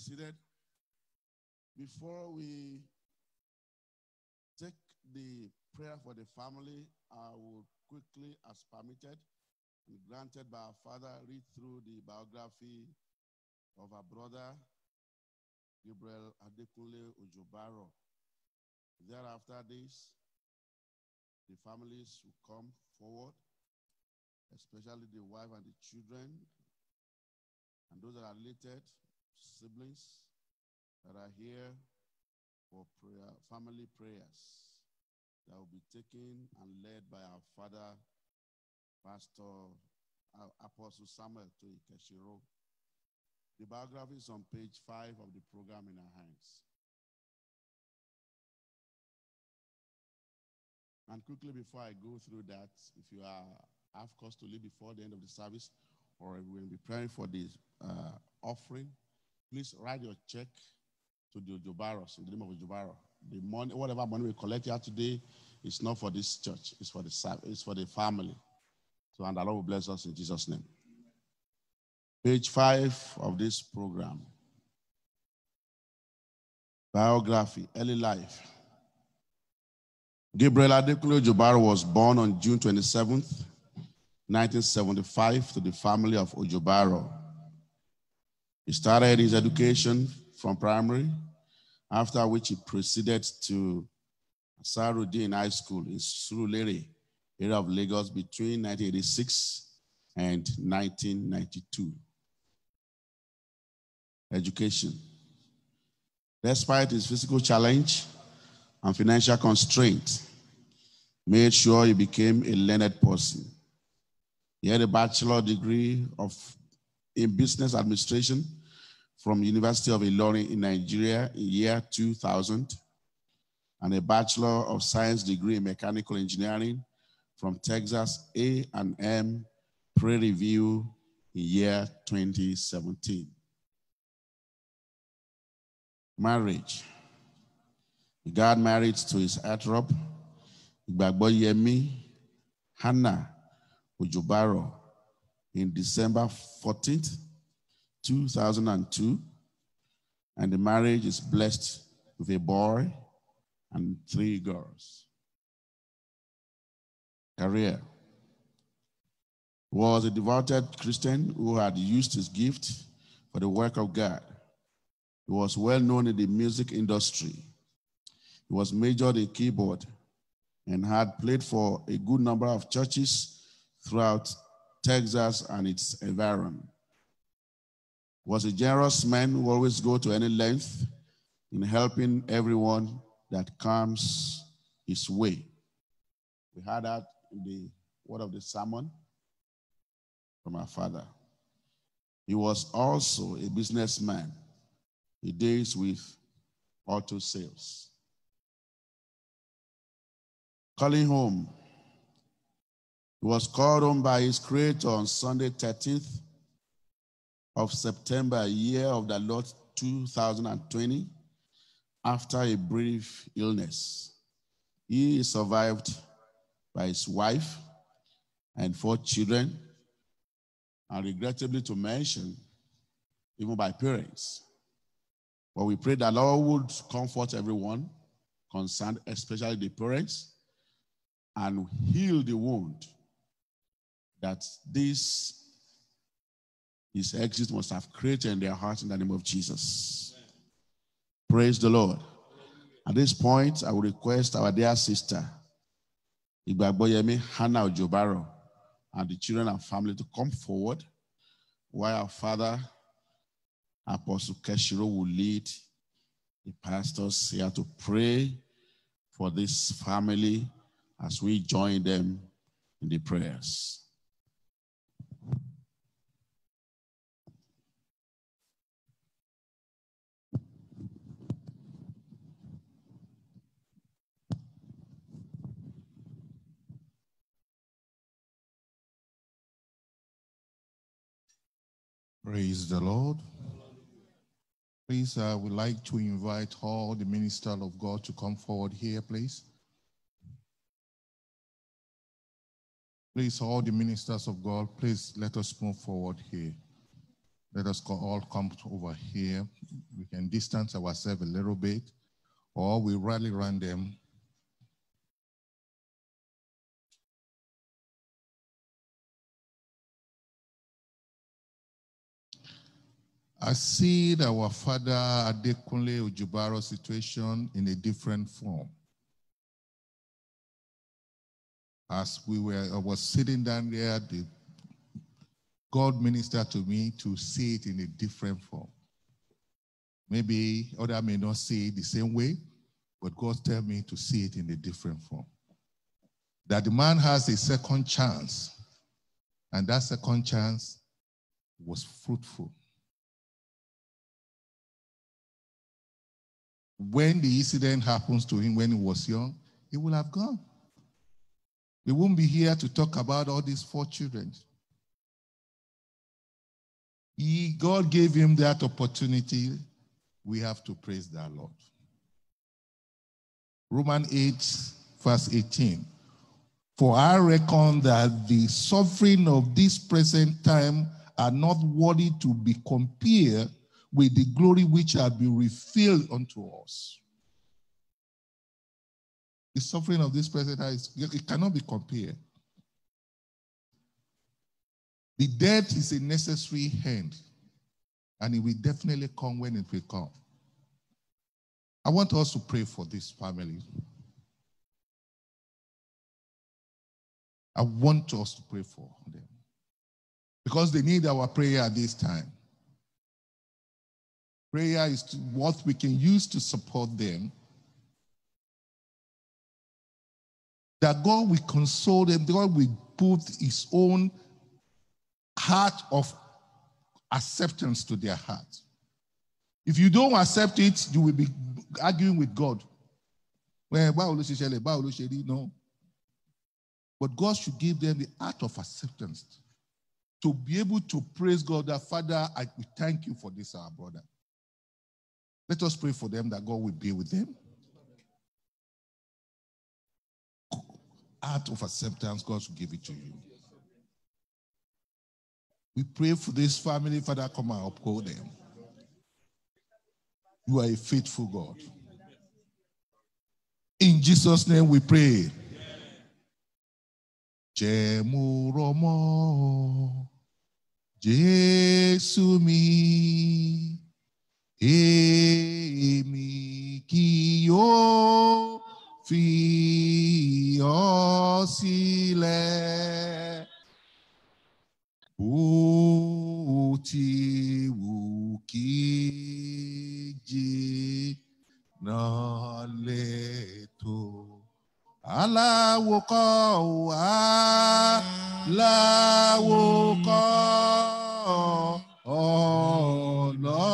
seated. Before we take the prayer for the family, I will quickly, as permitted and granted by our father, read through the biography of our brother, Gabriel Adekunle Ojobaro. Thereafter this, the families will come forward, especially the wife and the children, and those that are related siblings that are here for prayer, family prayers that will be taken and led by our father, Pastor uh, Apostle Samuel to Ikeshiro. The biography is on page five of the program in our hands. And quickly before I go through that, if you are have cause to leave before the end of the service, or we'll be praying for this uh, offering, Please write your check to the Jobaros in the name of Jobaro. The money, whatever money we collect here today, is not for this church. It's for the it's for the family. So and the Lord will bless us in Jesus' name. Page five of this program. Biography, early life. Gabriel Adekunle Ojobaro was born on June 27, 1975, to the family of Ojobaro. He started his education from primary, after which he proceeded to Sarudin High School in Surulere, area of Lagos, between 1986 and 1992. Education. Despite his physical challenge and financial constraint, made sure he became a learned person. He had a bachelor degree of in business administration from University of Ilorin in Nigeria in year 2000 and a Bachelor of Science degree in Mechanical Engineering from Texas A&M Prairie View in year 2017. Marriage. God got married to his heartthrob, Igbagbo Yemi Hannah Ujubaro in December 14th, 2002. And the marriage is blessed with a boy and three girls. Career was a devoted Christian who had used his gift for the work of God. He was well known in the music industry. He was majored in keyboard and had played for a good number of churches throughout Texas and its environment. Was a generous man who always go to any length in helping everyone that comes his way. We had that in the word of the sermon from our father. He was also a businessman. He deals with auto sales. Calling home he was called on by his creator on Sunday 13th of September, year of the Lord 2020, after a brief illness. He is survived by his wife and four children, and regrettably to mention, even by parents. But we pray that Lord would comfort everyone concerned, especially the parents, and heal the wound that this his exit must have created in their hearts in the name of Jesus. Praise the Lord. At this point, I will request our dear sister, Igbaboyemi Hannah Ojobaro, and the children and family to come forward while our father, Apostle Keshiro, will lead the pastors here to pray for this family as we join them in the prayers. Praise the Lord. Please, I uh, would like to invite all the ministers of God to come forward here, please. Please, all the ministers of God, please let us move forward here. Let us all come over here. We can distance ourselves a little bit, or we rally around them I see our father Adekunle Ujubaro situation in a different form. As we were, I was sitting down there, the God ministered to me to see it in a different form. Maybe other may not see it the same way, but God tell me to see it in a different form. That the man has a second chance, and that second chance was fruitful. when the incident happens to him when he was young, he will have gone. We won't be here to talk about all these four children. He, God gave him that opportunity. We have to praise that Lord. Romans 8, verse 18. For I reckon that the suffering of this present time are not worthy to be compared with the glory which have been revealed unto us. The suffering of this present is it cannot be compared. The death is a necessary end, and it will definitely come when it will come. I want us to pray for this family. I want us to pray for them because they need our prayer at this time. Prayer is to, what we can use to support them. That God will console them, God will put His own heart of acceptance to their heart. If you don't accept it, you will be arguing with God. Well, No. But God should give them the heart of acceptance to be able to praise God that, Father, I thank you for this, our brother. Let us pray for them that God will be with them. Out of acceptance, God will give it to you. We pray for this family, Father, come and uphold them. You are a faithful God. In Jesus' name we pray. Jẹ́mu rọmọ èmi kì yóò fi ọ́ sílẹ̀ bó ti wù kí jìnnà lè tó aláwo kọ́ wá láwo kọ́. Oh, ni àwo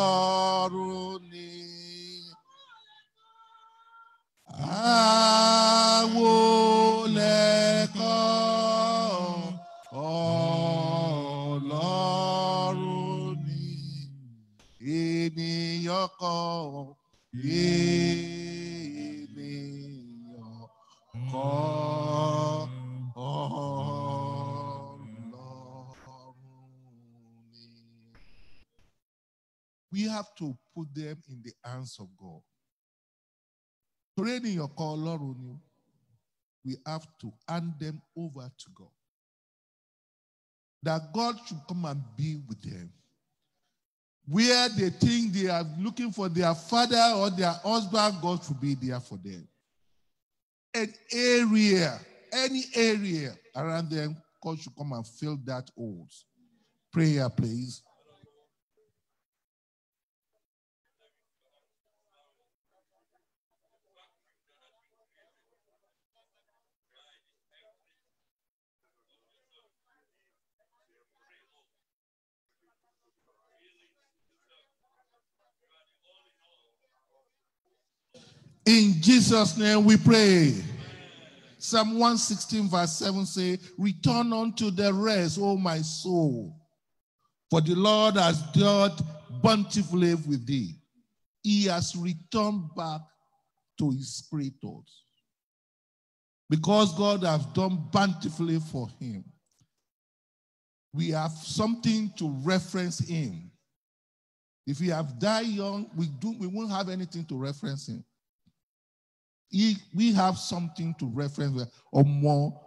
we have to put them in the hands of God. Torí your kan on you, we have to hand them over to God. That God should come and be with them. Where they think they are looking for their father or their husband, God should be there for them. An area, any area around them, God should come and fill that hole. Prayer, please. In Jesus' name we pray. Psalm 116, verse 7 say, Return unto the rest, O my soul, for the Lord has dealt bountifully with thee. He has returned back to his creators. Because God has done bountifully for him, we have something to reference him. If we have died young, we, do, we won't have anything to reference him. He, we have something to reference. or more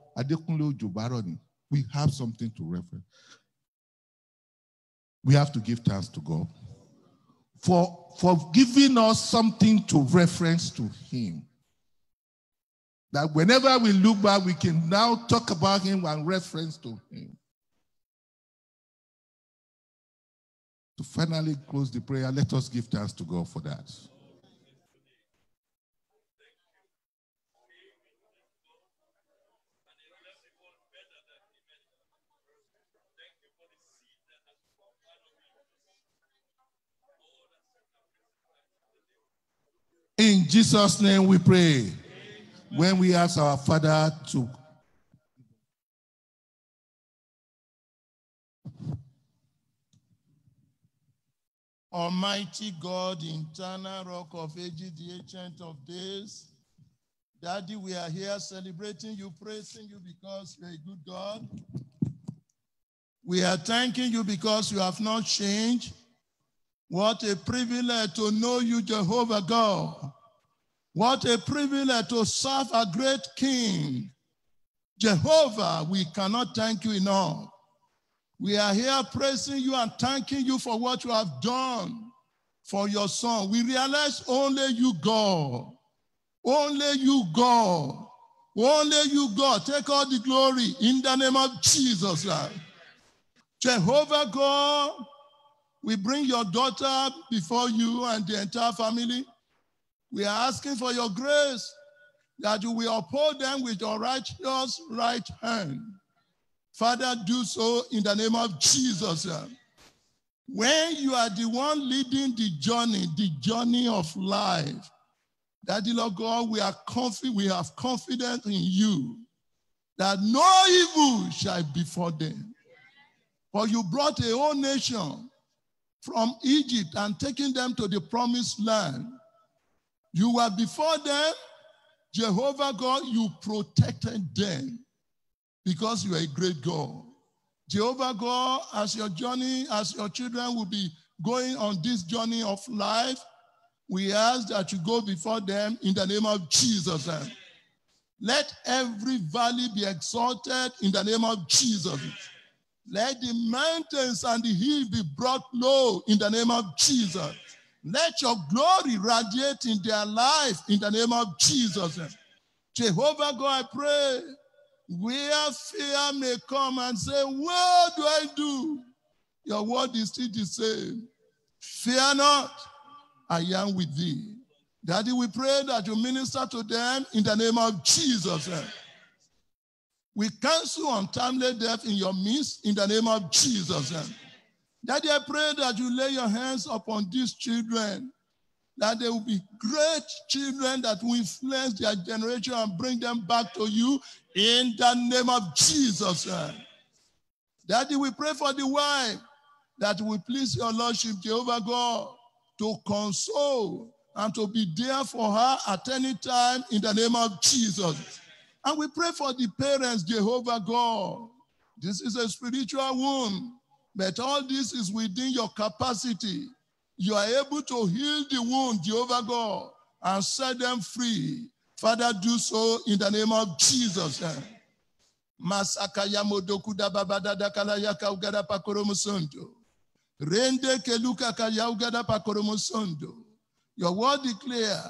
We have something to reference. We have to give thanks to God for, for giving us something to reference to Him. That whenever we look back, we can now talk about Him and reference to Him. To finally close the prayer, let us give thanks to God for that. In Jesus' name we pray. When we ask our Father to Almighty God, internal rock of ages, the ancient of days. Daddy, we are here celebrating you, praising you because you are a good God. We are thanking you because you have not changed. What a privilege to know you, Jehovah God. What a privilege to serve a great king. Jehovah, we cannot thank you enough. We are here praising you and thanking you for what you have done for your son. We realize only you, God. Only you, God. Only you, God. Take all the glory in the name of Jesus, right? Jehovah God, we bring your daughter before you and the entire family. We are asking for your grace that you will uphold them with your righteous right hand. Father, do so in the name of Jesus. When you are the one leading the journey, the journey of life, Daddy Lord God, we are confident, we have confidence in you that no evil shall befall them. For you brought a whole nation from Egypt and taking them to the promised land. You were before them, Jehovah God, you protected them because you are a great God. Jehovah God, as your journey, as your children will be going on this journey of life, we ask that you go before them in the name of Jesus. Let every valley be exalted in the name of Jesus. Let the mountains and the hill be brought low in the name of Jesus. Let your glory radiate in their life in the name of Jesus. Jehovah God, I pray, where fear may come and say, What do I do? Your word is still the same. Fear not, I am with thee. Daddy, we pray that you minister to them in the name of Jesus. We cancel untimely death in your midst in the name of Jesus. Daddy, I pray that you lay your hands upon these children, that they will be great children that will influence their generation and bring them back to you in the name of Jesus. Daddy, we pray for the wife that will please your Lordship, Jehovah God, to console and to be there for her at any time in the name of Jesus. And we pray for the parents, Jehovah God. This is a spiritual wound, but all this is within your capacity. You are able to heal the wound, Jehovah God, and set them free. Father, do so in the name of Jesus. Rende keluka kayauga da pakoromosondo. Your word declare,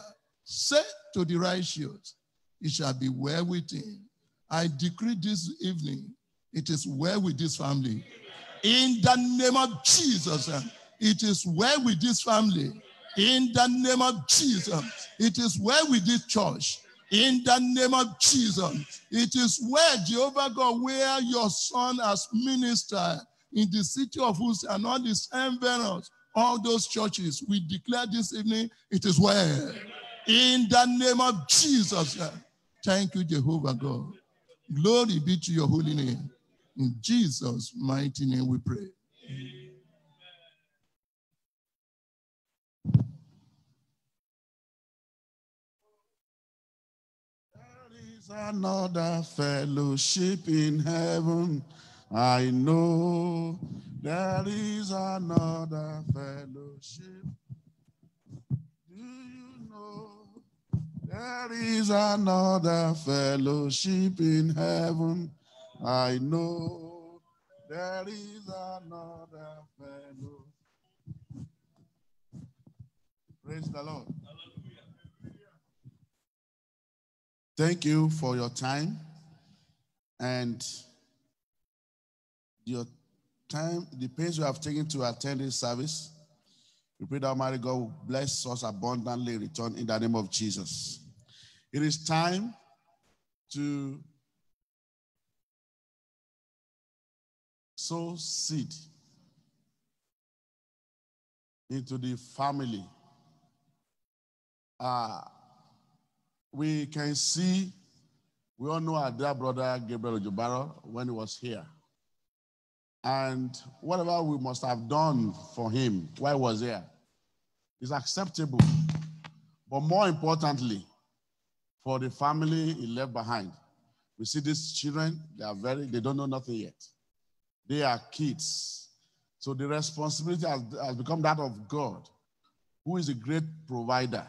say to the righteous, it shall be well with him. I decree this evening, it is well with this family. In the name of Jesus, eh, it is well with this family. In the name of Jesus, eh, it is well with this church. In the name of Jesus, eh, it is where Jehovah God, where your son as minister in the city of Hus and all these environs, all those churches. We declare this evening, it is well. In the name of Jesus, Thank you, Jehovah God. Glory be to your holy name. In Jesus' mighty name we pray. There is another fellowship in heaven. I know there is another fellowship. Do you know? There is another fellowship in heaven. I know there is another fellowship. Praise the Lord. Thank you for your time and your time, the pains you have taken to attend this service. We pray that Almighty God bless us abundantly, return in the name of Jesus. It is time to sow seed into the family. Uh, we can see, we all know our dear brother Gabriel Ojubaro when he was here. And whatever we must have done for him while he was there? is acceptable, but more importantly, for the family he left behind. We see these children, they are very, they don't know nothing yet. They are kids. So the responsibility has, has become that of God, who is a great provider.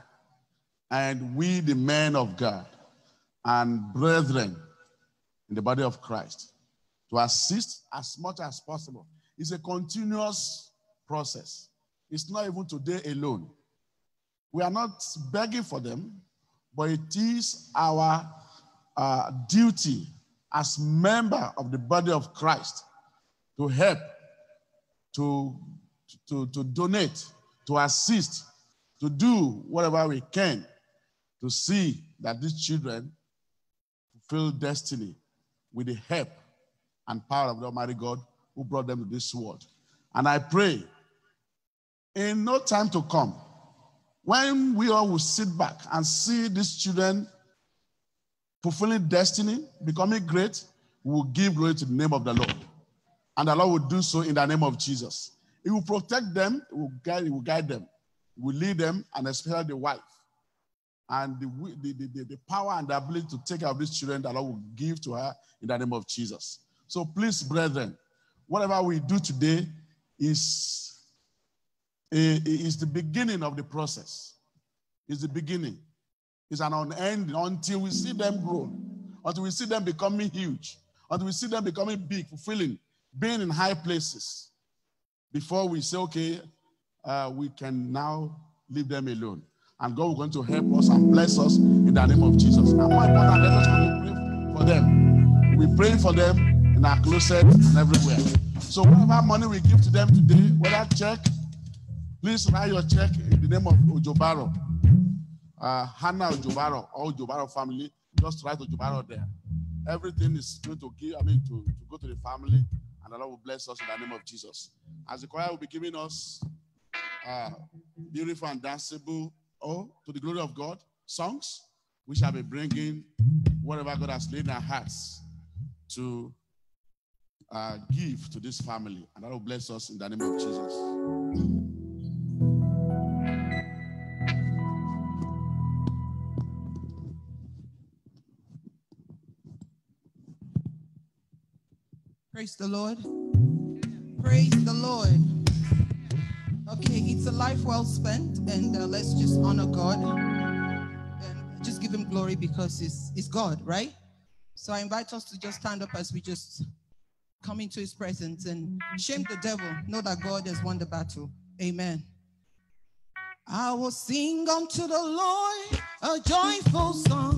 And we, the men of God and brethren in the body of Christ, to assist as much as possible. It's a continuous process. It's not even today alone. We are not begging for them, but it is our uh, duty as member of the body of Christ to help, to, to, to donate, to assist, to do whatever we can to see that these children fulfill destiny with the help and power of the Almighty God who brought them to this world. And I pray in no time to come, when we all will sit back and see these children fulfilling destiny, becoming great, we will give glory to the name of the Lord. And the Lord will do so in the name of Jesus. He will protect them, he will guide, he will guide them, he will lead them, and especially the wife. And the, the, the, the power and the ability to take care of these children, the Lord will give to her in the name of Jesus. So please, brethren, whatever we do today is is the beginning of the process. It's the beginning. It's an unending until we see them grow, until we see them becoming huge, until we see them becoming big, fulfilling, being in high places. Before we say, okay, uh, we can now leave them alone. And God is going to help us and bless us in the name of Jesus. And more important, let us pray for them. We pray for them in our closet and everywhere. So whatever money we give to them today, whether check Please write your check in the name of Ojobaro, uh, Hannah Ojobaro, or Ojobaro family. Just write Ojobaro there. Everything is going to give, I mean, to, to go to the family, and the Lord will bless us in the name of Jesus. As the choir will be giving us uh, beautiful and danceable, oh, to the glory of God, songs, we shall be bringing whatever God has laid in our hearts to uh, give to this family. And that will bless us in the name of Jesus. Praise the Lord. Praise the Lord. Okay, it's a life well spent, and uh, let's just honor God and just give Him glory because it's, it's God, right? So I invite us to just stand up as we just come into His presence and shame the devil. Know that God has won the battle. Amen. I will sing unto the Lord a joyful song.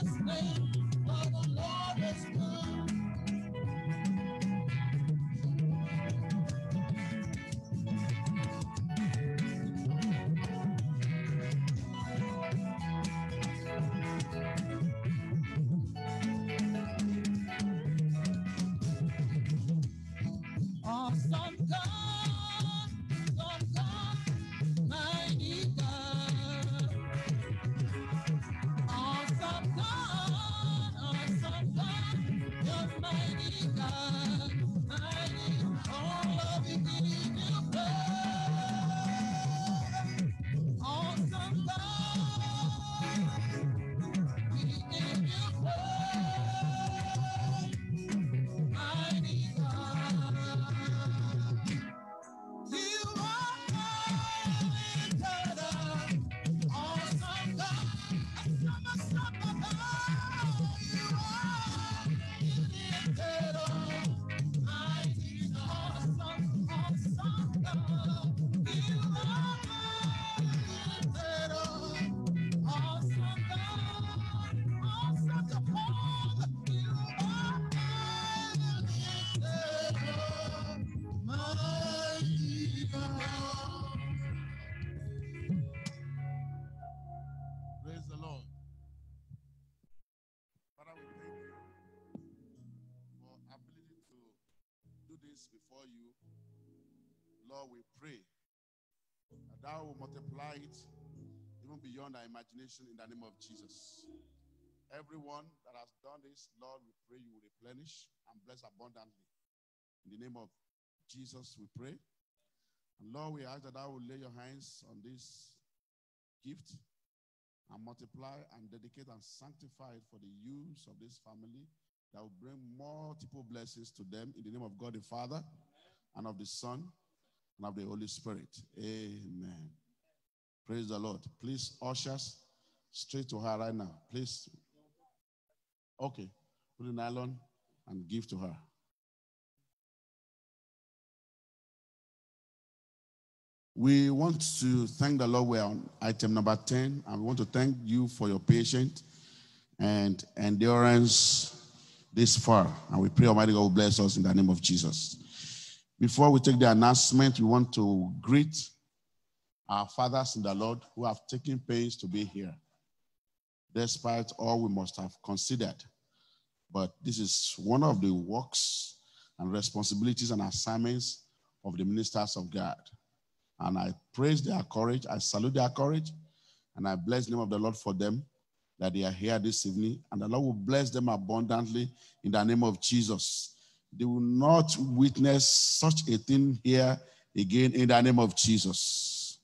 Jesus' name, for the Lord is good. Thou will multiply it even beyond our imagination in the name of Jesus. Everyone that has done this, Lord, we pray you will replenish and bless abundantly. In the name of Jesus, we pray. And Lord, we ask that thou will lay your hands on this gift and multiply and dedicate and sanctify it for the use of this family that will bring multiple blessings to them in the name of God the Father and of the Son and of the Holy Spirit. Amen. Praise the Lord. Please, usher us straight to her right now. Please. Okay. Put a nylon and give to her. We want to thank the Lord. We're on item number 10, and we want to thank you for your patience and endurance this far. And we pray Almighty God will bless us in the name of Jesus. Before we take the announcement, we want to greet our fathers in the Lord who have taken pains to be here, despite all we must have considered. But this is one of the works and responsibilities and assignments of the ministers of God. And I praise their courage, I salute their courage, and I bless the name of the Lord for them that they are here this evening. And the Lord will bless them abundantly in the name of Jesus. They will not witness such a thing here again in the name of Jesus.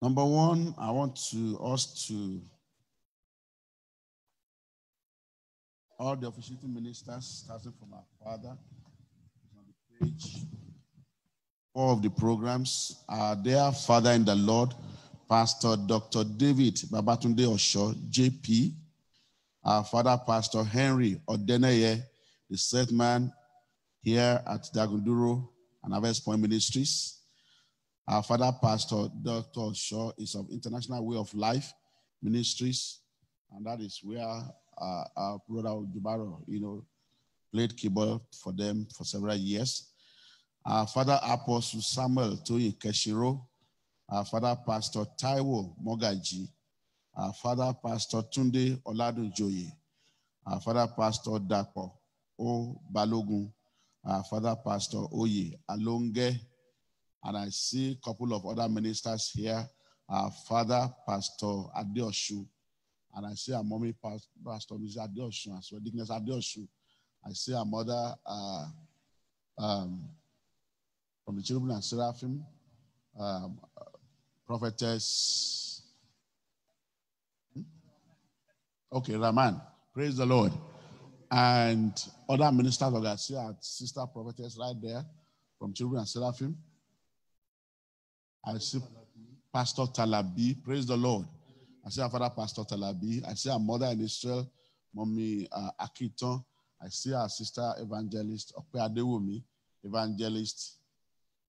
Number one, I want to us to all the officiating ministers, starting from our father, on the page four of the programs, are their father in the Lord, Pastor Dr. David Babatunde Osho, JP, our father, Pastor Henry Odeneye the set man here at Dagunduro and Harvest Point Ministries. Our father, Pastor Dr. Shaw, is of International Way of Life Ministries, and that is where uh, our brother Jubaro, you know, played keyboard for them for several years. Our father, Apostle Samuel Toyin Keshiro, our father, Pastor Taiwo Mogaji, our father, Pastor Tunde Oladujoye, our father, Pastor Dapo O Balogun, uh, Father Pastor Oye Alonge, and I see a couple of other ministers here, uh, Father Pastor Adioshu, and I see a mommy Pastor Mrs. Adioshu. as well, Dignus I see a mother uh, um, from the children and Seraphim, um, prophetess. Hmm? Okay, Raman. Praise the Lord and other ministers of God. See our sister prophetess right there from Children and Seraphim. I see Pastor Talabi. Praise the Lord. I see our father, Pastor Talabi. I see our mother in Israel, Mommy uh, Akiton. I see our sister, Evangelist Okpe Adewumi, Evangelist,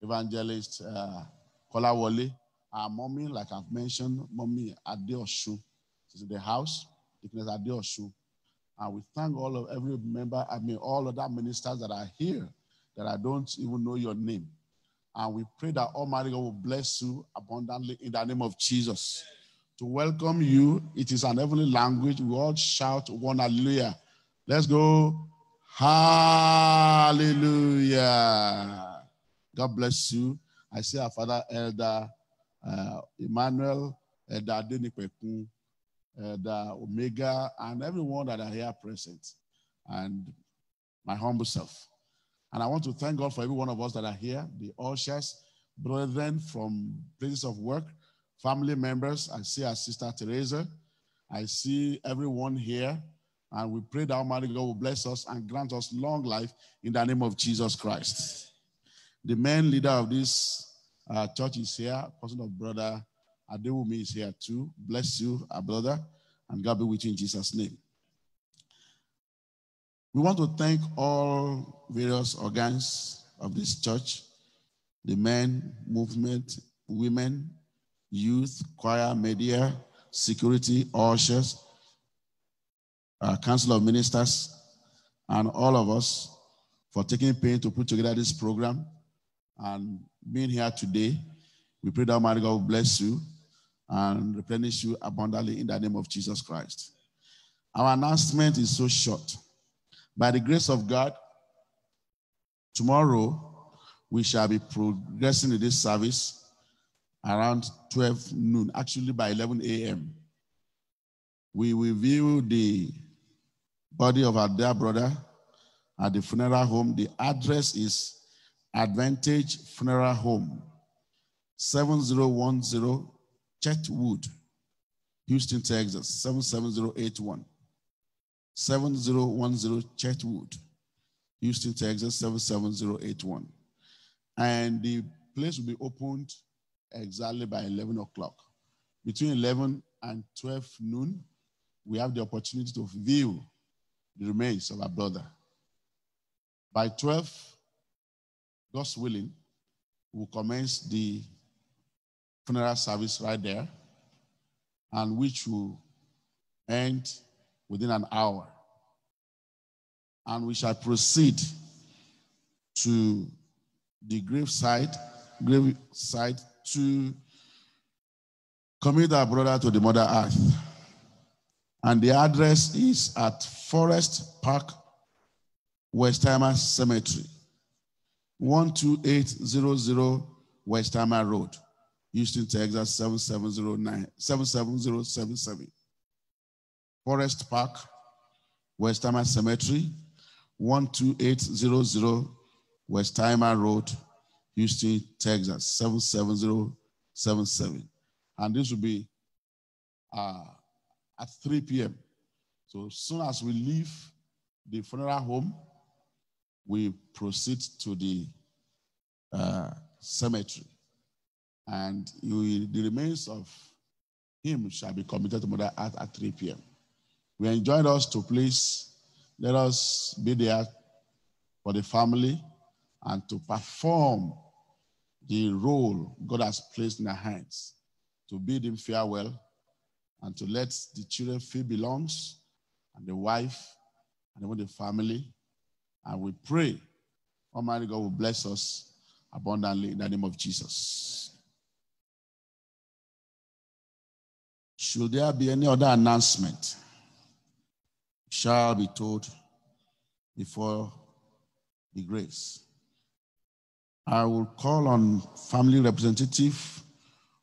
Evangelist uh, Kola Wale. Our mommy, like I've mentioned, Mommy Adeosu is in the house. Deaconess Adeosu. And we thank all of every member, I mean, all other ministers that are here that I don't even know your name. And we pray that Almighty God will bless you abundantly in the name of Jesus. To welcome you, it is an heavenly language. We all shout one hallelujah. Let's go. Hallelujah. God bless you. I see our father, Elder uh, Emmanuel Elder Adenikpekun uh, the Omega, and everyone that are here present, and my humble self. And I want to thank God for every one of us that are here, the ushers, brethren from places of work, family members. I see our sister Teresa. I see everyone here. And we pray that Almighty God will bless us and grant us long life in the name of Jesus Christ. The main leader of this uh, church is here, person of brother Adewumi is here too. Bless you, our brother, and God be with you in Jesus' name. We want to thank all various organs of this church the men, movement, women, youth, choir, media, security, ushers, uh, council of ministers, and all of us for taking pain to put together this program and being here today. We pray that Almighty God bless you and replenish you abundantly in the name of Jesus Christ. Our announcement is so short. By the grace of God, tomorrow we shall be progressing in this service around 12 noon, actually by 11 a.m. We will view the body of our dear brother at the funeral home. The address is Advantage Funeral Home, 7010 Chetwood, Houston, Texas, 77081. 7010 Chetwood, Houston, Texas, 77081. And the place will be opened exactly by 11 o'clock. Between 11 and 12 noon, we have the opportunity to view the remains of our brother. By 12, God's willing, we'll commence the funeral service right there, and which will end within an hour. And we shall proceed to the grave site, grave site to commit our brother to the mother earth. And the address is at Forest Park, Westheimer Cemetery, 12800 Westheimer Road. Houston, Texas 77009, 77077. Forest Park, Westheimer Cemetery, 12800 Westheimer Road, Houston, Texas 77077. And this will be uh, at 3 p.m. So as soon as we leave the funeral home, we proceed to the uh, cemetery and the remains of him shall be committed to Mother Earth at 3 p.m. We enjoyed us to please let us be there for the family and to perform the role God has placed in our hands to bid him farewell and to let the children feel belongs and the wife and even the family. And we pray Almighty God will bless us abundantly in the name of Jesus. Should there be any other announcement, shall be told before the grace. I will call on family representative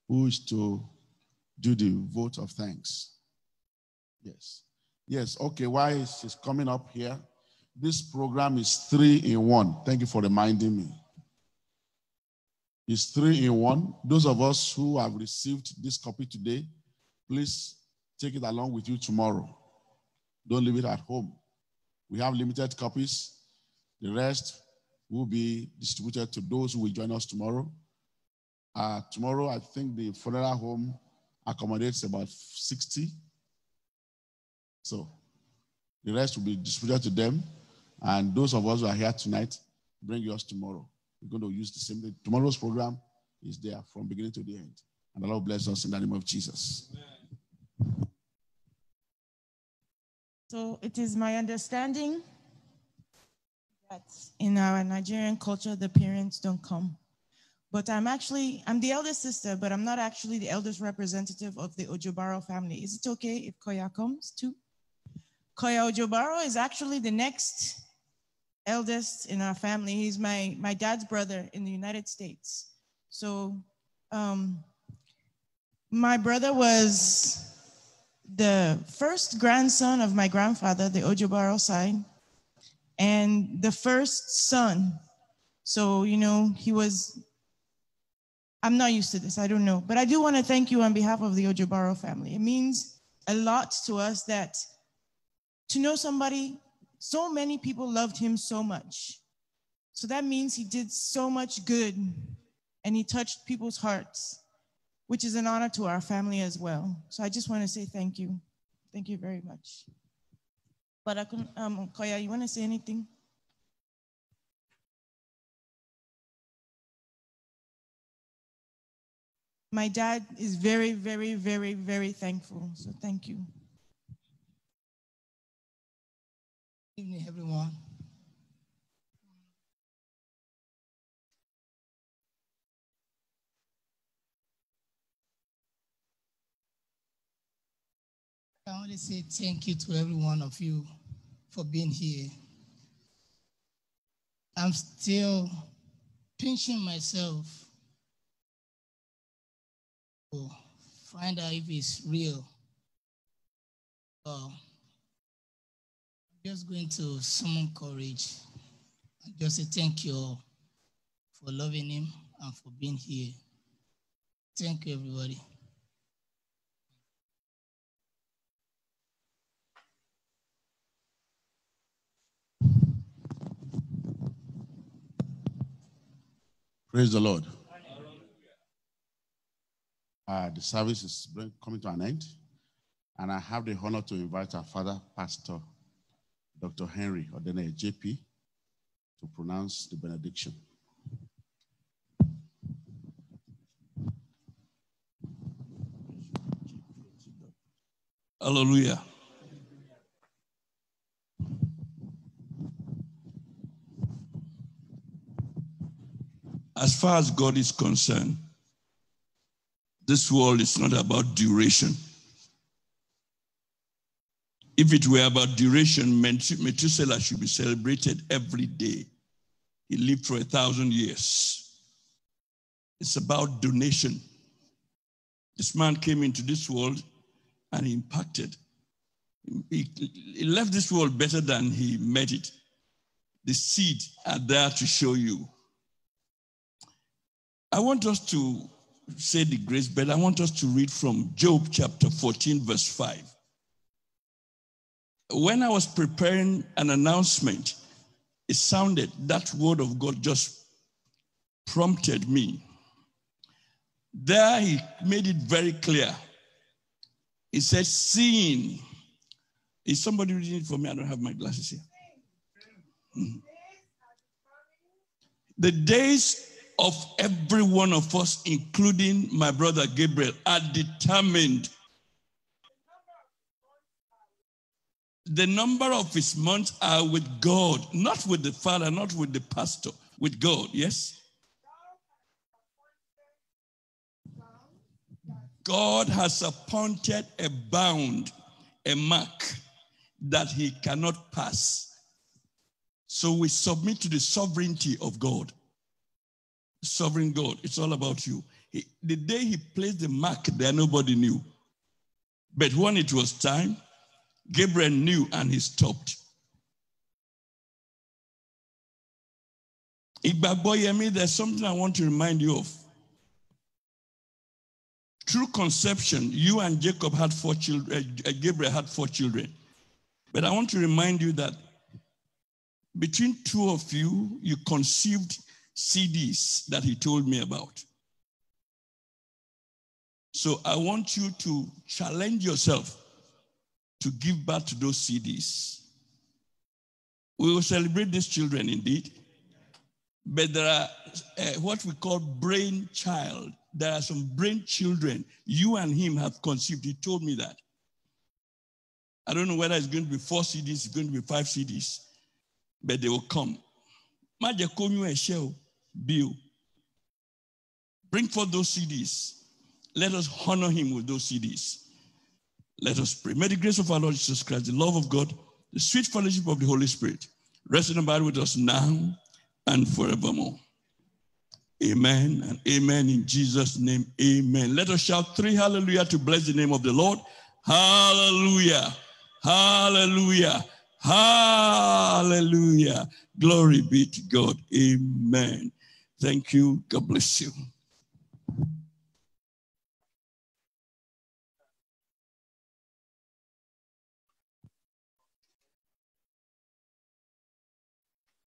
who is to do the vote of thanks. Yes. Yes. Okay. Why is she's coming up here? This program is three in one. Thank you for reminding me. It's three in one. Those of us who have received this copy today, Please take it along with you tomorrow. Don't leave it at home. We have limited copies. The rest will be distributed to those who will join us tomorrow. Uh, tomorrow, I think the funeral home accommodates about 60. So the rest will be distributed to them. And those of us who are here tonight, bring yours tomorrow. We're going to use the same thing. Tomorrow's program is there from beginning to the end. And the Lord bless us in the name of Jesus. Amen. So it is my understanding that in our Nigerian culture, the parents don't come. But I'm actually, I'm the eldest sister, but I'm not actually the eldest representative of the Ojobaro family. Is it okay if Koya comes too? Koya Ojobaro is actually the next eldest in our family. He's my, my dad's brother in the United States. So um, my brother was the first grandson of my grandfather, the Ojibaro side, and the first son. So, you know, he was, I'm not used to this, I don't know. But I do want to thank you on behalf of the Ojibaro family. It means a lot to us that to know somebody, so many people loved him so much. So that means he did so much good and he touched people's hearts which is an honor to our family as well. So I just want to say thank you. Thank you very much. But I can, um, Koya, you want to say anything? My dad is very, very, very, very thankful. So thank you. Good evening, everyone. I only say thank you to every one of you for being here. I'm still pinching myself to find out if it's real. I'm just going to summon courage and just say thank you all for loving him and for being here. Thank you, everybody. Praise the Lord. Uh, the service is coming to an end, and I have the honor to invite our father, Pastor Dr. Henry Odene JP, to pronounce the benediction. Hallelujah. As far as God is concerned, this world is not about duration. If it were about duration, Methuselah should be celebrated every day. He lived for a thousand years. It's about donation. This man came into this world and impacted. He, he left this world better than he met it. The seed are there to show you. I want us to say the grace, but I want us to read from Job chapter 14, verse 5. When I was preparing an announcement, it sounded that word of God just prompted me. There he made it very clear. He said, Seeing. Is somebody reading it for me? I don't have my glasses here. Mm. The days of every one of us, including my brother Gabriel, are determined. The number of his months are with God, not with the father, not with the pastor, with God, yes? God has appointed a bound, a mark that he cannot pass. So we submit to the sovereignty of God sovereign God. It's all about you. He, the day he placed the mark there, nobody knew. But when it was time, Gabriel knew and he stopped. Igbaboyemi, there's something I want to remind you of. Through conception, you and Jacob had four children, uh, uh, Gabriel had four children. But I want to remind you that between two of you, you conceived CDs that he told me about. So I want you to challenge yourself to give back to those CDs. We will celebrate these children indeed, but there are uh, what we call brain child. There are some brain children you and him have conceived. He told me that. I don't know whether it's going to be four CDs, it's going to be five CDs, but they will come. Má come kó yún ẹ̀ṣẹ́ Bill, bring forth those CDs. Let us honor him with those CDs. Let us pray. May the grace of our Lord Jesus Christ, the love of God, the sweet fellowship of the Holy Spirit rest and abide with us now and forevermore. Amen and amen in Jesus' name. Amen. Let us shout three hallelujah to bless the name of the Lord. Hallelujah. Hallelujah. Hallelujah. Glory be to God. Amen. Thank you. God bless you.